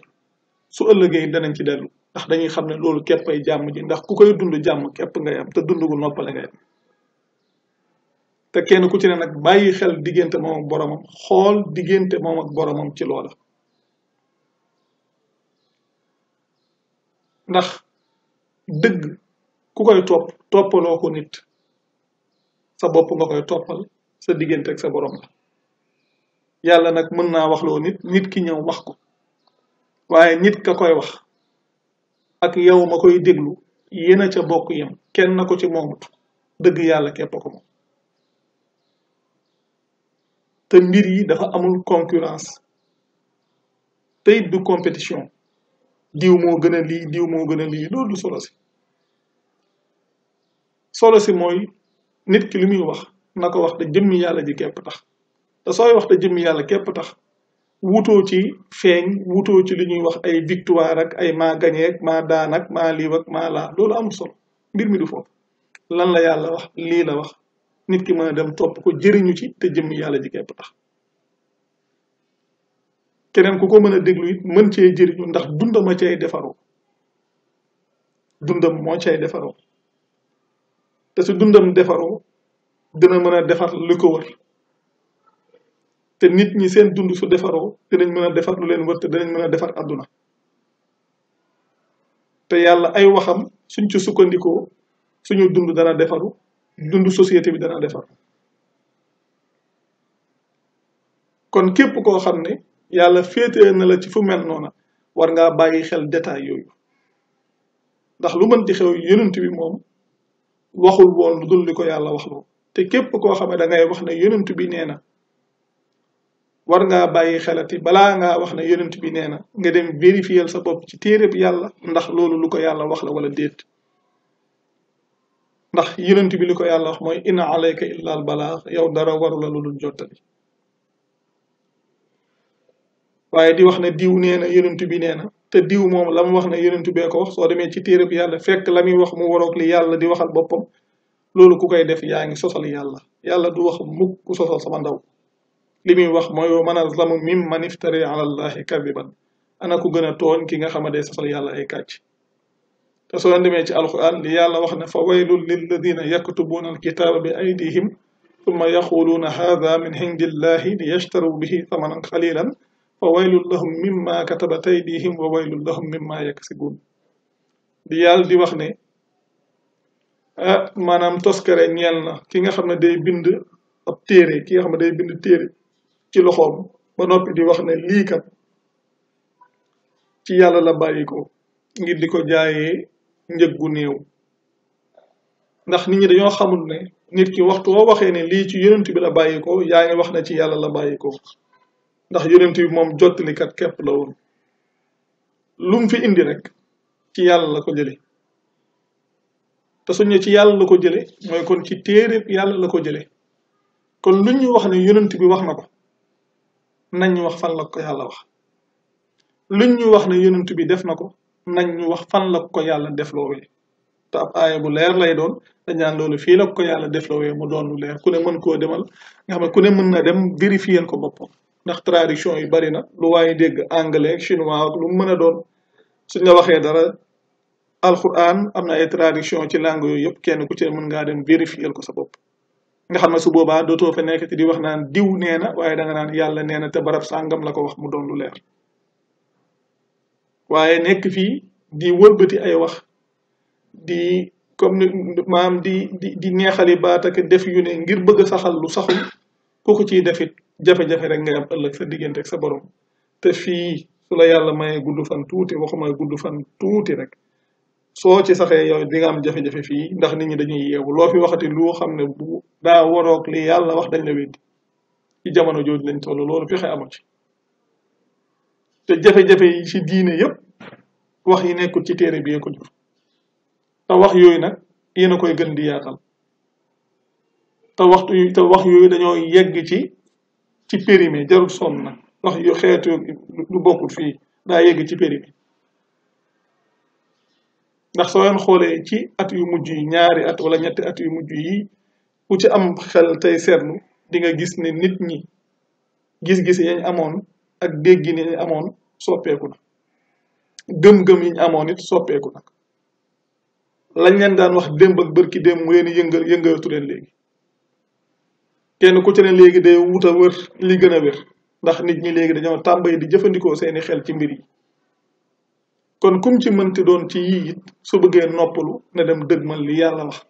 su ëllëgee danañ ci dellu ndax dañuy xam ne loolu képp ay jàmm ji ndax ku koy dund jàmm képp ngay am te dund gu noppale ngay am te kenn ku ci ne nag bàyyi xel diggante moom ak boromam xool diggante moom ak boromam ci loola. ndax dëgg ku koy topp toppaloo ko nit sa bopp nga koy toppal sa diggante ak sa borom la yàlla nag mën naa waxloo nit nit ki ñëw wax ko waaye nit ka koy wax ak yow koy déglu yéen a ca bokk yem kenn na ko ci moomut dëgg yàlla képp ko te mbir yi dafa amul concurrence te it du compétition diw moo gën a lii diw moo gën a lii loolu solo si solo si mooy nit ki li muy wax na wax te jëmmi yàlla ji képp tax te sooy wax te jëmmi yàlla képp tax wutoo ci feeñ wutoo ci li ñuy wax ay victoire ak ay maa gagné ak maa daan ak maa liiw loolu amul solo mbir mi du foofu lan la yàlla wax lii la wax nit ki mën a dem topp ko jëriñu ci te jëmmi yàlla ji képp tax keneen ku ko mën a déglu mën ci cee jëriñu ndax dundam a cay defaroo dundam moo cay defaroo te su dundam defaroo dina mën a defar lu ko wër te nit ñi seen dund su defaroo dinañ mën a defar lu leen wër te mën a defar àdduna te yàlla ay waxam suñ ci sukkandikoo suñu dund dana defaru dund société bi dana defar kon képp koo xam ne yàlla féetee na la ci fu mel noona war ngaa bàyyi xel détail yooyu ndax lu mën di xew yonent bi moom waxul woon lu dul li ko yàlla waxloo te képp koo xam ne da ngay wax ne yonent bi nee na war ngaa bàyyi xelati balaa ngaa wax ne yonent bi nee na nga dem vérifier sa bopp ci téere bi yàlla ndax loolu lu ko yàlla wax la wala déet ndax yonent bi li ko yàlla wax mooy inna alayka illa al balaax yow dara waru la lu waaye di wax ne diw nee na yonent bi nee na te diw moom la mu wax ne yonent bee ko wax soo demee ci téere bi yàlla fekk la muy wax mu waroog li yàlla di waxal boppam loolu ku koy def yaa ngi sosal yàlla yàlla du wax mukk ku sosal sama ndaw li muy wax mooy man azlamu mimman iftari ala allahi kadiban ana ku gën a tooñ ki nga xam ne day sosal yàlla ay kàcc te soo demee ci alquran li yàlla wax ne fa lil ladina yaktubuuna alkitaaba bi aydihim thumma yaquluuna haada min indi illahi liyashtaru bihi thamanan qalilan wa waylun lahum mimma katabat aydihim wa waylun lahum mimma yaksibun di yàlla di wax ne ah maanaam toskare ñeel na ki nga xam ne day bind ab téere ki nga xam ne day bind téere ci loxoom ba noppi di wax ne lii kat ci yàlla la bàyyi ko ngir di ko jaayee njëg gu néew ndax nit ñi dañoo xamul ne nit ki waxtu woo waxee ne lii ci yonent bi la bàyyi ko yaa ngi wax ne ci yàlla la bàyyi ko ndax yonent bi moom jottalikat képp la woon lu mu fi indi rek ci yàlla la ko jële te suñ ne ci yàlla la ko jële mooy kon ci téereb yàlla la ko jële kon lu ñu wax ne yonent bi wax na ko nañ ñu wax fan la ko yàlla wax luñ ñu wax ne yonent bi def na ko nañ ñu wax fan la ko yàlla def loowee te ab aaya bu leer lay doon dañ ñaan loolu fii la ko yàlla def loowee mu doon lu leer ku ne mën koo demal nga xam ne ku ne mën na dem vérifier ko boppam ndax traduction yi bari na lu waaye dégg anglais ak chinois ak lu mën a doon suñ la waxee dara alquran am na ay tradition ci langue yo yëpp kenn ku ci mën ngaa dem vérifier ko sa bopp nga xam ne su boobaa dootoo fa nekk te di wax naan diw nee na waaye danga naan yàlla nee na te barab sàngam la ko wax mu doon lu leer waaye nekk fii di wëlbati ay wax di comme ni maam di di di neexali baata ak def yu ne ngir bëgg saxal lu saxul ku ko ciy defit jafe-jafe rek ngay am ëlëk sa digënté ak sa borom té fi su la yalla mayé guddu fan tuuti waxuma guddu fan tuuti rek so ci saxé yow di nga am jafe-jafe fi ndax nit ñi dañuy yeewu lo fi waxati lu xamné bu da warok li yalla wax dañ la weddi ci jamono joj lañ tollu loolu fi amu ci te jafe-jafe yi ci diiné yépp wax yi nekkul ci téré bi ko jur ta wax yoy nak yéna koy gën di yaatal ta waxtu ta wax yoy dañoo yegg ci ci périmé jarul sonn na wax xeet xeetu lu bokkul fii daa yegg ci périmé ndax soo leen ci at yu mujj yi ñaari at wala ñetti at yu mujj yi ku ci am xel tey seetlu di nga gis ne nit ñi gis-gis yañ amoon ak déggi amoon soppeeku na gëm-gëm yi ñu amoon it soppeeku na lañ leen daan wax dëmb ak ki démb mu leen yëngal yëngalatu leen léegi kenn ku ci ne léegi de wut a wër li gën a wér ndax nit ñi léegi dañoo tàmbali di jëfandikoo seeni xel ci mbir yi kon kum ci mën mënti doon ci yii su bëggee noppalu ne dem dëgmal li yàlla wax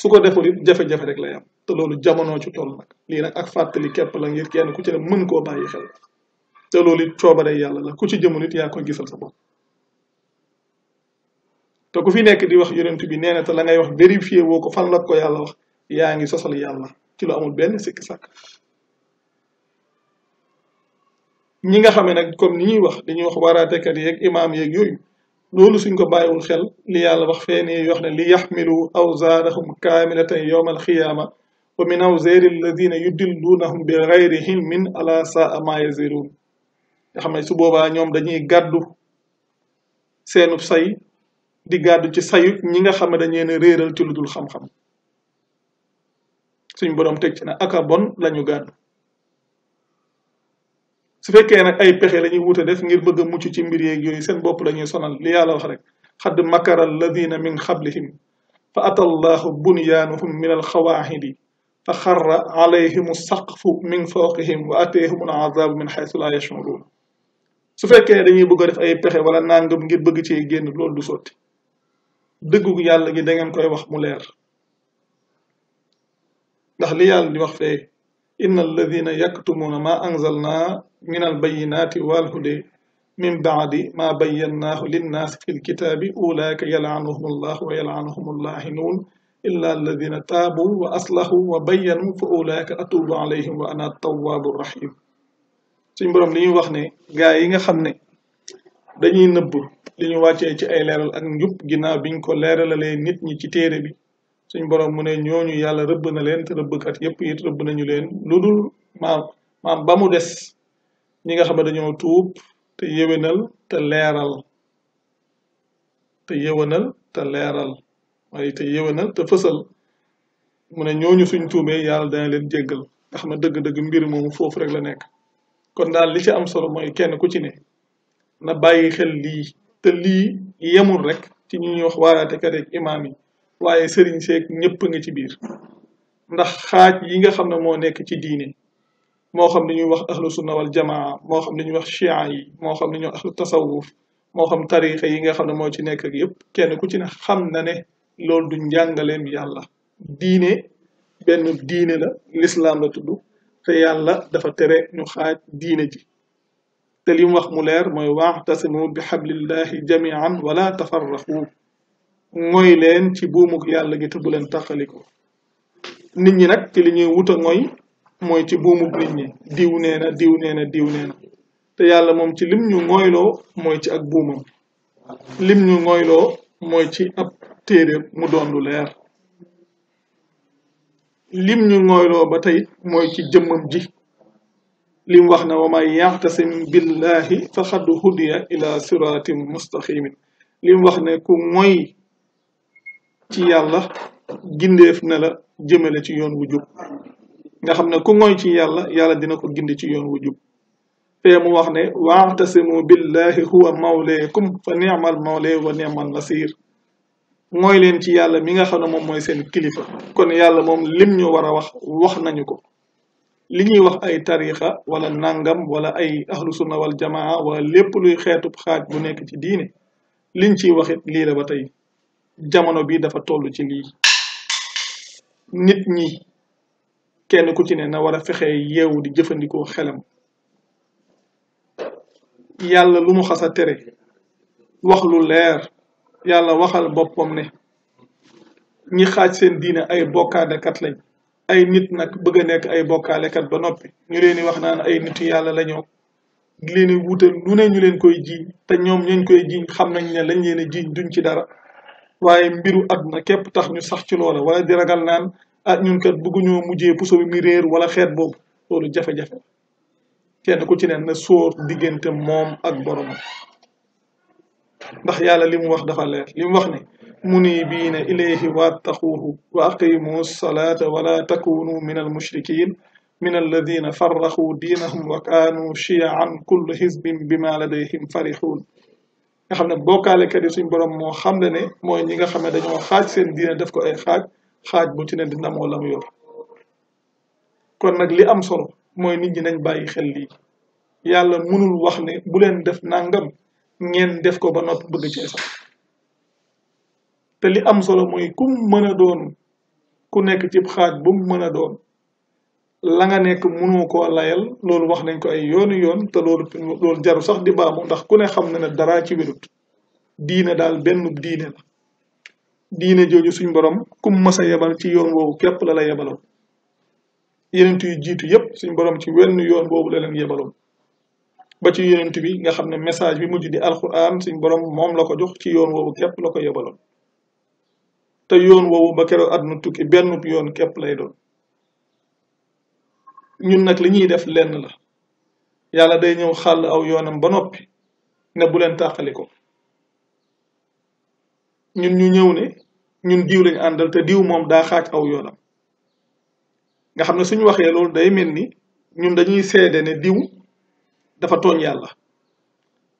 su ko deful it jafe-jafe rek lay am te loolu jamono ci tool nag lii nag ak fàttali képp la ngir kenn ku ci ne mën koo bàyyi xel te loolu it yàlla la ku ci jëmul it yaa koy gisal sa bopp. te ku fi nekk di wax yonent bi nee na te la ngay wax vérifié woo ko fan la ko yàlla wax yaa ngi sosal yàlla ci lu amul benn sikki sàkk ñi nga xam ne nag comme ni ñuy wax dañuy wax waaraatekat yeeg imaam yeeg yooyu loolu suñ ko bàyyiwul xel li yàlla wax fee nii wax ne li yaxmilu awzaarahum kaamilatan yowma alxiyaama wa min awzaari alladina yudilluunahum bi gayri hilmin min saa ma yaziruun nga xam ne su boobaa ñoom dañuy gàddu seenub say di gàddu ci sayu ñi nga xam ne dañu leen réeral ci lu dul xam-xam suñ borom tek ci na aka bon lañu gadd su fekke nak ay pexe lañu wuté def ngir bëgg mucc ci mbir yeek yoy seen bop la sonal li yàlla wax rek khad makara alladhina min qablihim fa ata allahu bunyaanahum min alxawaahidi fa kharra alayhim saqfu min fawqihim wa atayhim al azaabu min haythu la yashurun su fekke dañuy bëgg def ay pexe wala nangam ngir bëgg ci génn loolu du soti dëggu yàlla gi da ngeen koy wax mu leer ndax li yàlla di wax fee inna alladina yaktumuuna maa anzalna min albayinati walhude min baadi maa bayyannaahu linnaasi fi lkitaabi ulaika yalaanuhum allah wa yalaanuhum allahinuun illa alladina taabu wa aslahu wa bayyanu fa ulaika atubu alayhim wa ana tawaabu rahim suñ boroom li ñuy wax ne gaa yi nga xam ne dañuy nëbb li ñu wàccee ci ay leeral ak njub ginnaaw biñ ko leeralalee nit ñi ci téere bi suñ borom mu ne ñooñu yàlla rëbb na leen te rëbbkat yépp it rëbb nañu leen lu dul maam maam ba mu des ñi nga xama ne dañoo tuub te yéwénal te leeral te yéwénal te leeral waaye te yéwénal te mu ne ñooñu suñ tuubee yàlla dana leen jéggal nga xam ne dëgg-dëgg mbir moomu foofu rek la nekk kon daal li ci am solo mooy kenn ku ci ne na bàyyi xel lii te lii yemul rek ci ñi ñuy wax waaraate kat ak yi waaye sëriñ seeg ñëpp nga ci biir ndax xaaj yi nga xam ne moo nekk ci diine moo xam dañuy wax ahlu sunna wal jamaa moo xam dañuy wax chia yi moo xam dañuy wax ahlu tasawuf moo xam tarixa yi nga xam ne moo ci nekk ak yëpp kenn ku ci ne xam na ne loolu du njàngaleem yàlla diine benn diine la lislaam la tudd te yàlla dafa tere ñu xaaj diine ji te li mu wax mu leer mooy waxtasimu bi xablillahi jamian wala tafarraxu mooy leen ci buumuk yàlla gi te bu leen tàqaliko nit ñi nag ci li ñuy wut a mooy ci buumuk nit ñi diw nee na diw nee na diw nee te yàlla moom ci lim ñu mooyloo mooy ci ak buumam lim ñu mooyloo mooy ci ab téere mu doon lu leer lim ñu mooyloo ba tey mooy ci jëmmam ji lim wax na wa man yaxtasim billahi faqad hudiya ila siratin mustaqimin lim wax ku mooy ci yàlla gindeef ne la jëmale ci yoon wu jub nga xam ne ku ngoy ci yàlla yàlla dina ko gindi ci yoon wu jub fee mu wax ne waatasimu billahi huwa mawleekum fa ni'mal mawle wa ni'mal nasir mooy leen ci yàlla mi nga xam ne moom mooy seen kilifa kon yàlla moom lim ñu war a wax wax nañu ko li ñuy wax ay tarixa wala nangam wala ay ahlu sunna wal jamaa wala lépp luy xeetub xaaj bu nekk ci diine liñ ciy waxit lii la ba tey jamono bi dafa tollu ci lii nit ñi kenn ku ci ne na war a fexe yeewu di jëfandikoo xelam yàlla lu mu xasa a tere wax leer yàlla waxal boppam ne ñi xaaj seen diine ay bokkaalekat lañ ay nit nag bëgg a nekk ay bokkaalekat ba noppi ñu leen di wax naan ay nit yàlla lañoo leen di wutal lu ne ñu leen koy jiiñ te ñoom ñañ koy jiiñ xam nañ ne lañ leen a jiiñ duñ ci dara waaye mbiru àdduna képp tax ñu sax ci loola wala di ragal naan ah ñun kat bëgguñoo mujjee puso bi mu réer wala xeet boobu loolu jafe-jafe kenn ku ci ne na sóor diggante moom ak boromam ndax yàlla li mu wax dafa leer li mu wax ne munibiina ilayhi wattaquuhu wa aqimu salaata wala takunu min al mushrikin من الذين فرقوا دينهم وكانوا شيعا كل حزب بما لديهم فرحون nga xam ne bokkaalekat yi suñ borom moo xam le ne mooy ñi nga xam ne dañoo xaaj seen diine def ko ay xaaj xaaj bu ci ne di namoo la mu yor kon nag li am solo mooy nit ñi nañ bàyyi xel lii yàlla mënul wax ne bu leen def nangam ngeen def ko ba noppi bëgg ci te li am solo mooy ku mën a doon ku nekk cib xaaj bu mu mën a doon la nga nekk mënoo loolu wax nañ ko ay yoonu yoon te loolu loolu jaru sax di baamu ndax ku ne xam na ne daraa ci wérut diine daal benn diine la diine jooju suñ borom kum masa yebal ci yoon woowu képp la la yebaloon yenent yu jiitu yépp suñ borom ci wenn yoon boobu la leen yebaloon ba ci yenent bi nga xam ne message bi mujj di alquran suñ borom moom la ko jox ci yoon woowu képp la ko yebaloon te yoon woowu ba keroog àdduna tukki benn yoon képp lay doon ñun nag li ñuy def lenn la yàlla day ñëw xàll aw yoonam ba noppi ne bu leen tàqali ko ñun ñu ñëw ne ñun diw lañ àndal te diw moom daa xaaj aw yoonam nga xam ne suñu waxee loolu day mel ni ñun dañuy seede ne diw dafa tooñ yàlla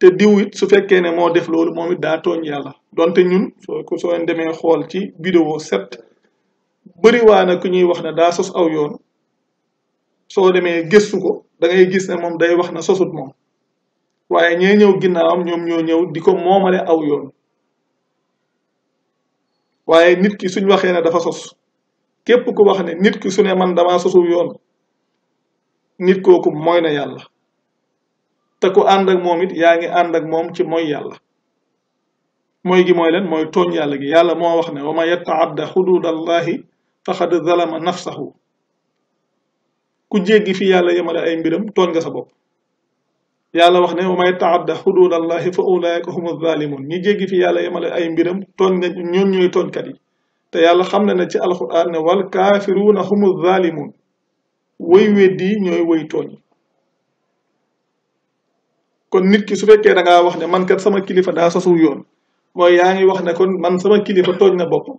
te diw it su fekkee ne moo def loolu moom it daa tooñ yàlla donte ñun soo ko soo demee xool ci vidéo set bëriwaa na ku ñuy wax ne daa sos aw yoon soo demee gëstu ko da ngay gis ne moom day wax na sosut moom waaye ñee ñëw ginnaawam ñoom ñoo ñëw di ko moomale aw yoon waaye nit ki suñ waxee ne dafa sos képp ku wax ne nit ki su ne man damaa sosul yoon nit kooku moy na yàlla te ku ànd moom it yaa ngi ànd moom ci moy yàlla mooy gi mooy leen mooy tooñ yàlla gi yàlla moo wax ne wa man yataadda xuduud allahi faqad zalama nafsahu ku jéggi fi yàlla yemale ay mbiram tooñ nga sa bopp yàlla wax ne wa may taadda xudud allahi fa ulaika humu zalimun ñi jéggi fi yàlla yemale ay mbiram tooñ nga ñoon ñooy tooñkat yi te yàlla xam na ne ci alquran ne wal kafiruna humu zalimun way weddi ñooy way tooñ kon nit ki su fekkee da ngaa wax ne man kat sama kilifa daa sasu yoon mooy yaa ngi wax ne kon man sama kilifa tooñ na boppam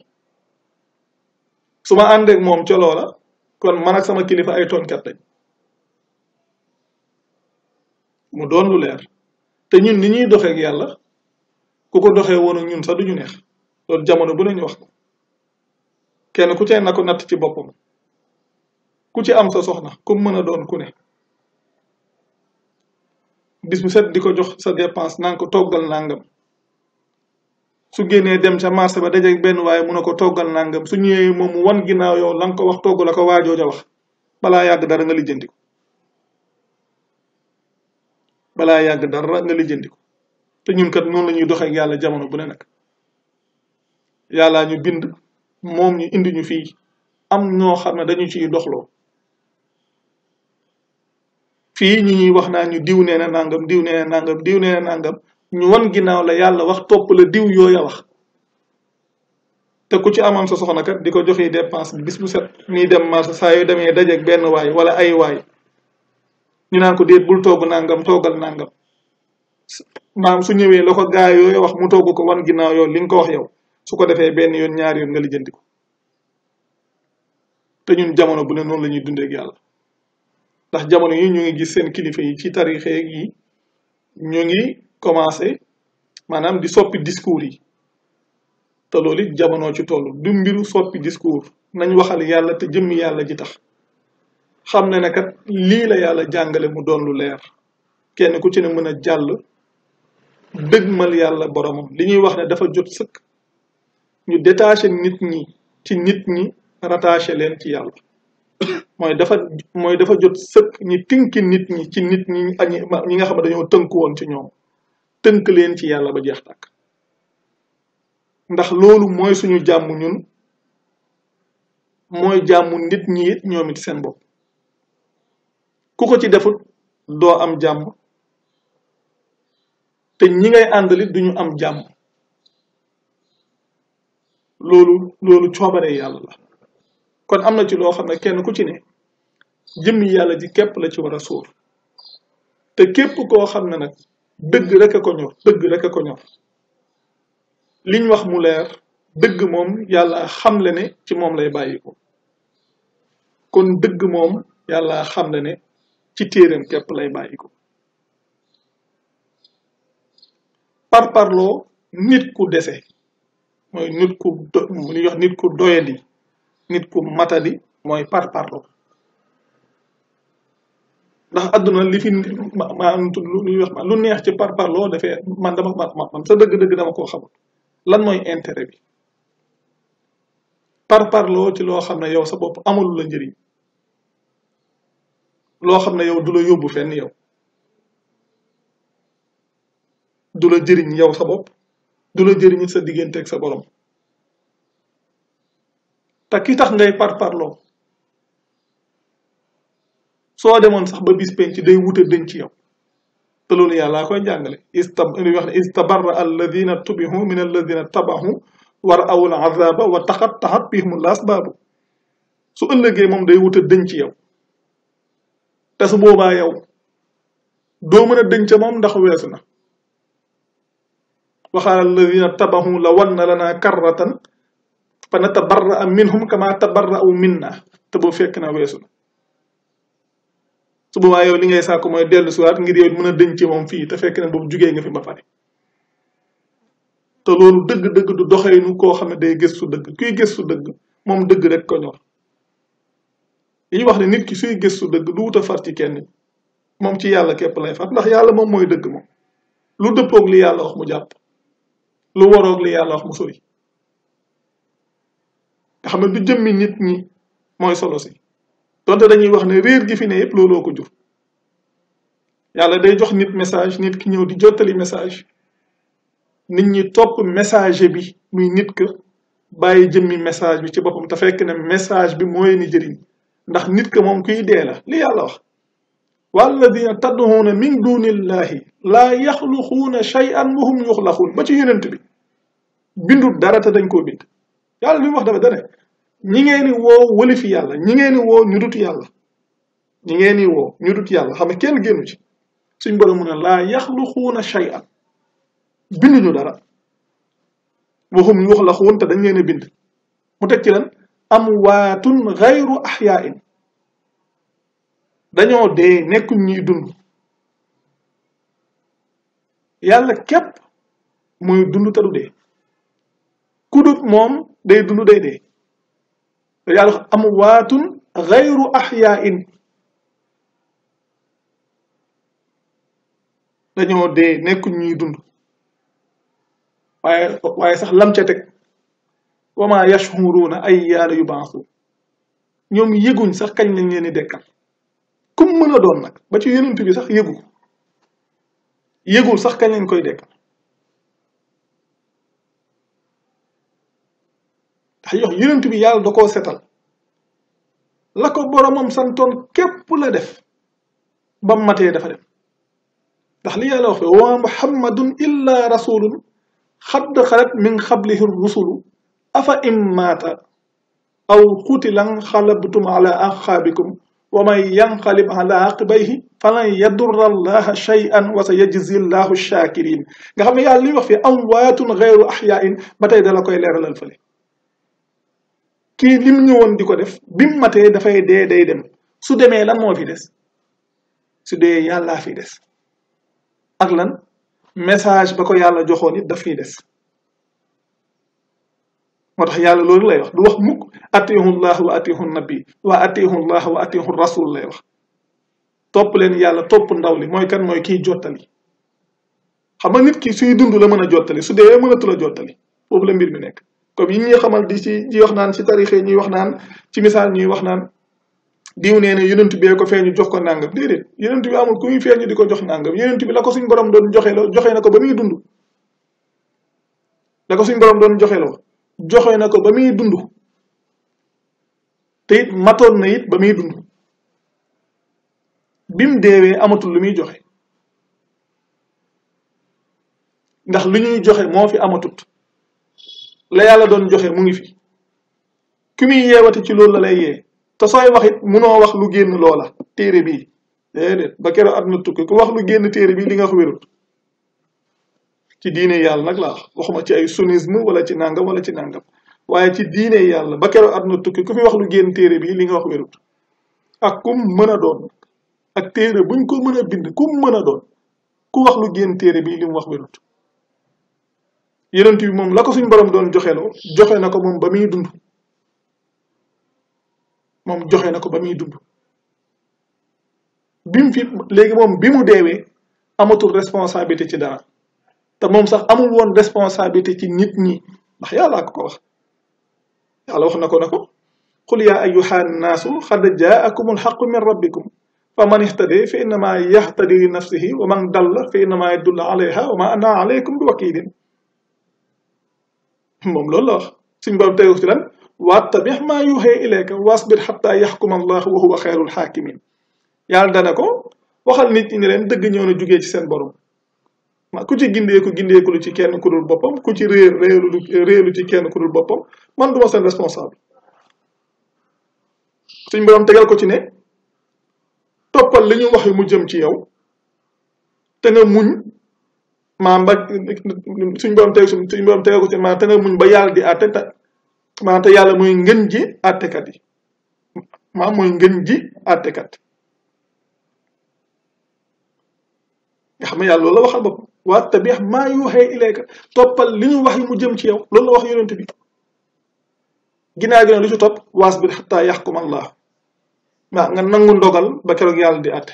suma ma ak moom ca loola kon man sama kilifa ay tooñkat lañ mu doon lu leer te ñun ni ñuy doxeek yàlla ku ko doxe woon ak ñun sax duñu neex loolu jamono bu nañu wax ko kenn ku cay na ko natt ci boppam ku ci am sa soxna ku mën a doon ku ne bis set di ko jox sa dépense naan ko toggal nangam su génnee dem ca marché ba dajeeg benn waaye mun a ko toggal nangam su ñëwee moom mu wan ginnaaw yow la nga ko wax togg la ko waajoo ja wax balaa yàgg dara nga lijjanti balaa yàgg dara nga lijjanti te ñun kat noonu la ñuy doxee yàlla jamono bu ne nag yàlla ñu bind moom ñu indi ñu fii am ñoo xam ne dañu ciy doxloo fii ñi ñuy wax naa ñu diw nee nangam diw nee diw na nangam ñu wan ginnaaw la yàlla wax topp la diw yooya wax te ku ci amoon sa soxna kat di ko joxe dépense bi bis bu set nii dem marché saa yoo demee dajeeg benn waay wala ay waay ñu naan ko déet bul togg nangam toggal nangam maam su ñëwee la ko gaa yooyu wax mu togg ko wan ginnaaw yoon li ko wax yaw su ko defee benn yoon ñaar yoon nga lijjanti ko te ñun jamono bu ne noonu la ñuy dundee ak yàlla ndax jamono yi ñu ngi gis seen kilifa yi ci tarixe yi ñu ngi commencé maanaam di soppi discours yi te loolu it jamono ci toll du mbiru soppi discours nañ waxal yàlla te jëmm yàlla ji tax xam ne ne kat lii la yàlla jàngale mu doon lu leer kenn ku ci ne mën a jàll mal yàlla boromam li ñuy wax ne dafa jot sëkk ñu détaché nit ñi ci nit ñi rattaché leen ci yàlla mooy dafa mooy dafa jot sëkk ñi tinki nit ñi ci nit ñi ñi nga xam ne dañoo tënk woon ci ñoom tënk leen ci yàlla ba jeex tàkk ndax loolu mooy suñu jàmm ñun mooy jàmm nit ñi it ñoom it seen bopp ku ko ci defut doo am jàmm te ñi ngay àndalit duñu am jàmm loolu loolu coobare yàlla la kon am na ci loo xam ne kenn ku ci ne jëmmi yàlla ji képp la ci war a suur te képp koo xam ne nag dëgg rek a ko ñor dëgg rek a ko ñor liñ wax mu leer dëgg moom yàlla xamle ne ci moom lay bàyyiko kon dëgg moom yàlla xamle ne ci téereem képp lay bàyyiko par parloo nit ku dese mooy nit ku do wax nit ku doyadi nit ku matali mooy par parlo ndax àdduna li lu ñuy lu neex ci par parlo dafee man dama man sa dëgg-dëgg dama koo xam lan mooy intérêt bi par parlo ci loo xam ne yow sa bopp amul la njëriñ loo xam ne yow du la yóbbu fenn yow du la jëriñ yow sa bopp du la jëriñ sa digganteeg sa borom te ki tax ngay parparloo soo demoon sax ba bis penc day wute dañ ci yow te loolu yàllaa koy jàngale istabarra alladina tubihu min alladina tabahu wa raaw al azaba wa taqattaxat bihim al asbaabu su ëllëgee moom day wuta dëñ ci yow te su boobaa yow doo mën a dëñ ca moom ndax weesu na waxaal tabahu la lana karratan na am fa natabarra minhum kama tabarra'u minna te boo fekk na weesu na su boobaa yow li ngay sàkku mooy dellu siwaat ngir yow mën a denc moom fii te fekk na boobu jugee nga fi ba pare te loolu dëgg-dëgg du doxeenu koo xam ne day gëstu dëgg kuy gëstu dëgg moom dëgg rek ko ñor li ñu wax ne nit ki suy gëstu dëgg lu wut a far ci kenn moom ci yàlla képp lay far ndax yàlla moom mooy dëgg moom lu dëppoog li yàlla wax mu jàpp lu waroog li yàlla wax mu sori xam nga du jëmmi nit ñi mooy solo si donte dañuy wax ne réer gi fi ne yëpp looloo ko jur yàlla day jox nit message nit ki ñëw di jottali message nit ñi topp message bi muy nit ka bàyyi jëmmi message bi ci boppam te fekk ne message bi mooy ni jëriñ ndax nit ka moom kuy dee la li yàlla wax walladina tadhuna min dunillahi laa yaxluquuna shay'an wa hum yuxlaquun ba ci yonent bi bindu dara te dañ koo bind yàlla li wax dafa dane ñi ngeen di woo wëli yàlla ñi ngeen di woo ñu yàlla ñi ngeen xam ne kenn génnu ci suñ borom mu ne laa yaxluquuna shay'an binduñu dara waxum wax la xuun dañ leen bind mu teg ci lan amwaatun gayru axyaain dañoo dee nekkuñ ñuy dund yàlla képp muy dund te du dee ku dut moom day dund day dee yàlla amwaatun gayru axyaain dañoo dee nekkuñ ñuy dund waaye waaye sax lam ca teg wama na ay yaana yu bansu ñoom yëguñ sax kañ lañ leen di dekkal kum mën a doon nag ba ci yonent bi sax yëgu yëgul sax kañ lañ koy dekk xëy na yonent bi yàlla da koo setal la ko boromam santoon képp la def ba matee dafa dem ndax li yàlla wax wa muhammadun illa rasulun xadd xalat min xablihi rusulu afa immaata aw xutilan xalabtum ala axaabikum wa man yanqalib ala aqibayhi falan yadurra allaha shay'an wa sayajzi allahu shakirin nga xam ne yàlla li wax fi amwaatun gayru axyaain ba tey dala koy leeralal fële kii lim ñëwoon di ko def bim matee dafay dee day dem su demee lan moo fi des su dee yàllaa fi des ak lan message ba ko yàlla joxoon it daf fiy des moo tax yàlla loolu lay wax du wax mukk atihu llah wa atihu nabi wa atihu llah wa atihu rasul lay wax topp leen yàlla topp ndaw li mooy kan mooy kii jottali xam nga nit kii suy dund la mën a jottali su dee mënatul a jottali foofu la mbir mi nekk comme yi ñi xamal di ci ñi wax naan ci tarixe ñi wax naan ci misaal ñi wax naan diw nee yonent bi ko feeñu jox ko nangam déedéet yonent bi amul kuy muy feeñu di ko jox nangam yonent bi la ko suñ borom doon joxe la joxe na ko ba muy dund la ko suñ borom doon joxe la joxe na ba muy dund te it matoon na it ba muy dund bim deewee amatul lu muy joxe ndax lu ñuy joxe moo fi amatut la yàlla doon joxe mu ngi fi ki muy yeewate ci loolu la lay yee te sooy wax it munoo wax lu génn loola téere bi ba keroog at na tukki ku wax lu génn téere bii li nga wax wérut ci diine yàlla nag laa waxuma ci ay sunnisme wala ci nangam wala ci nangam waaye ci diine yàlla ba keroog at tukki ku fi wax génn téere bii li nga wax wérut ak kum mën a doon ak téere buñ ko mën a bind kum mën a doon ku wax lu génn téere bii li mu wax wérut yonent bi moom la ko suñ borom doon joxeloo joxe na ko moom ba muy dund moom joxe na ko ba muy dund bi mu fi léegi moom bi mu deewee amatul responsabilité ci dara te moom sax amul woon responsabilité ci nit ñi ndax yàllaa ko ko wax yàlla wax na ko na ko qul yaa ayuha nnaasu xad jaakum alxaqu min rabbikum fa man ihtadi fa innama yahtadi li nafsihi wa man dalla fa innama yadullu alayha wa ma ana alaykum biwakilin moom loolu la wax suñ borom tegu ci lan wattabix maa yuuxee ilayka wasbir xataa yaxkuma allah wa huwa xeyrul yaa yàlla dana ko waxal nit ñi ne leen dëgg ñëw na jugee ci seen borom ma ku ci gindeeku gindeeku lu ci kenn ku boppam ku ci réer réelu réelu ci kenn ku dul boppam man duma seen responsable suñ borom tegal ko ci ne toppal li ñu wax yu mu jëm ci yow te nga muñ maam ba suñ borom teg suñ borom teg ko ci maam te nga muñ ba yàlla di àtte ta maam te ngën ji àttekat yi maam mooy ngën ji àttekat nga xam ne yàlla loolu la waxal bopp waa tabi maa yuuxee ilayka toppal li ñu wax yi mu jëm ci yow loolu la wax yonent bi ginnaaw gi nag lu ci topp wasbir xataa yaxkum allah waaw nga nangu ndogal ba keroog yàlla di àtte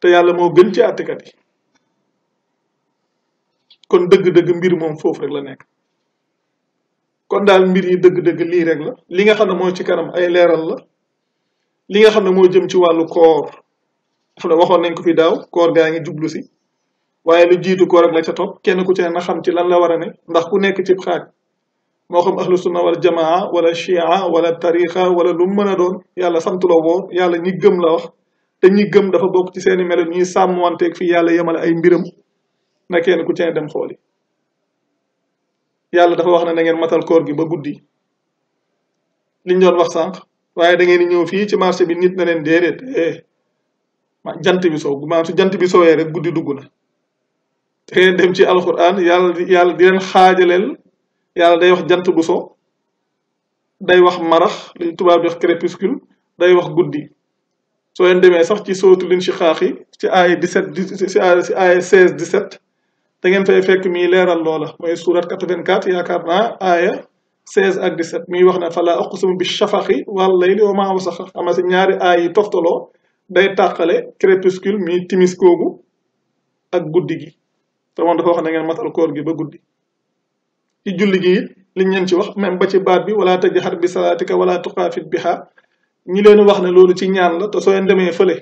te yàlla moo gën ci àttekat yi kon dëgg-dëgg mbir moom foofu rek la nekk kon daal mbir yi dëgg-dëgg lii li nga xam ne moo ci kanam ay leeral la li nga xam ne moo jëm ci wàllu koor dafa ne waxoon nañ ko fi daaw koor gaa ngi jublu si waaye lu jiitu koor ak la ca topp kenn ku ci ne na xam ci lan la war a ne ndax ku nekk ci xaak moo xam ahlu sunna wala jamaa wala chia wala tarixa wala lu mën a doon yàlla sant la yàlla ñi gëm la wax te ñi dafa bokk ci seeni melo ñuy sàmmanteeg fii yàlla la ay mbiram na kenn ku ci ne dem xooli yàlla dafa wax ne na ngeen matal koor gi ba guddi liñ doon wax sànq waaye da ngeen di ñëw fii ci marché bi nit na leen déedéet eh jant bi soo maanaam su jant bi sooyee rek guddi dugg na te ngeen dem ci alquran yàlla yàlla di leen xaajaleel yàlla day wax jant bu so day wax marax li tubaab di wax crépuscule day wax guddi soo leen demee sax ci sootu lin si xaax yi ci ay 17 ci ay 16 da ngeen fay fekk mi leeral loola mooy surat 84 yaakaar naa aaya 16 ak 17 mi wax ne fala uqsimu bi shafaqi wal layli wa ma sax ama si ñaari aay yi toftaloo day tàqale crépuscule mi timis googu ak guddi gi te moom dafa wax na ngeen matal koor gi ba guddi ci julli gi it li leen ci wax même ba ci baat bi wala tajhar bi salaatika wala bi biha ñi leen wax ne loolu ci ñaan la te soo leen demee fële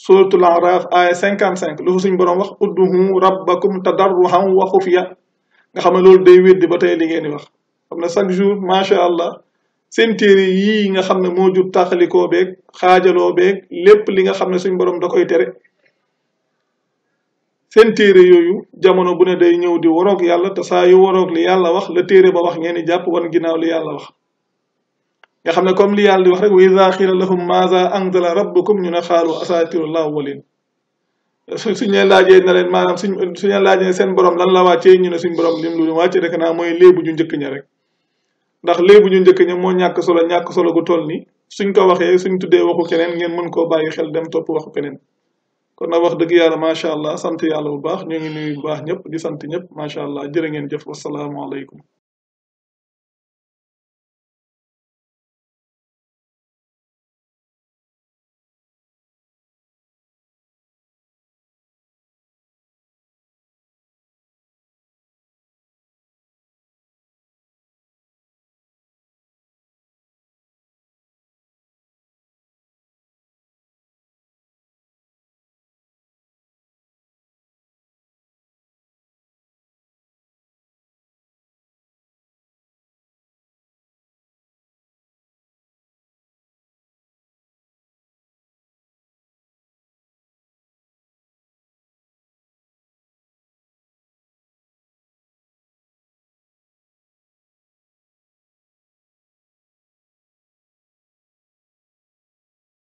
suratul araf aya cinquante cinq lu suñ borom wax udduhu rabbakum tadarruhan wa xufiya nga xam ne loolu day weddi ba tey li ngeen di wax xam ne chaque jour macha allah seen téere yii nga xam ne moo jur taxalikoo beeg xaajaloo beeg lépp li nga xam ne suñ borom da koy tere seen téere yooyu jamono bu ne day ñëw di waroog yàlla te saa yu waroog li yàlla wax la téere ba wax ngeen di jàpp wan ginnaaw li yàlla wax nga xam ne comme li yàlla di wax rek wa ida xiila lahum maza anzala rabbukum ñu ne xaalu asatirul awwalin su suñu leen laajee na leen maanaam suñ suñu leen laajee seen borom lan la wàccee ñu ne suñ borom lim lu wàcce rek naa mooy léebu ñu njëkk ña rek ndax léebu ñu njëkk ña moo ñàkk solo ñàkk solo gu toll ni suñ ko waxee suñ tuddee waxu keneen ngeen mën koo bàyyi xel dem topp waxu keneen kon nag wax dëgg yàlla macha allah sant yàlla bu baax ñu ngi nuyu bu baax ñëpp di sant ñëpp macha allah jërë ngeen jëf wasalaamualeykum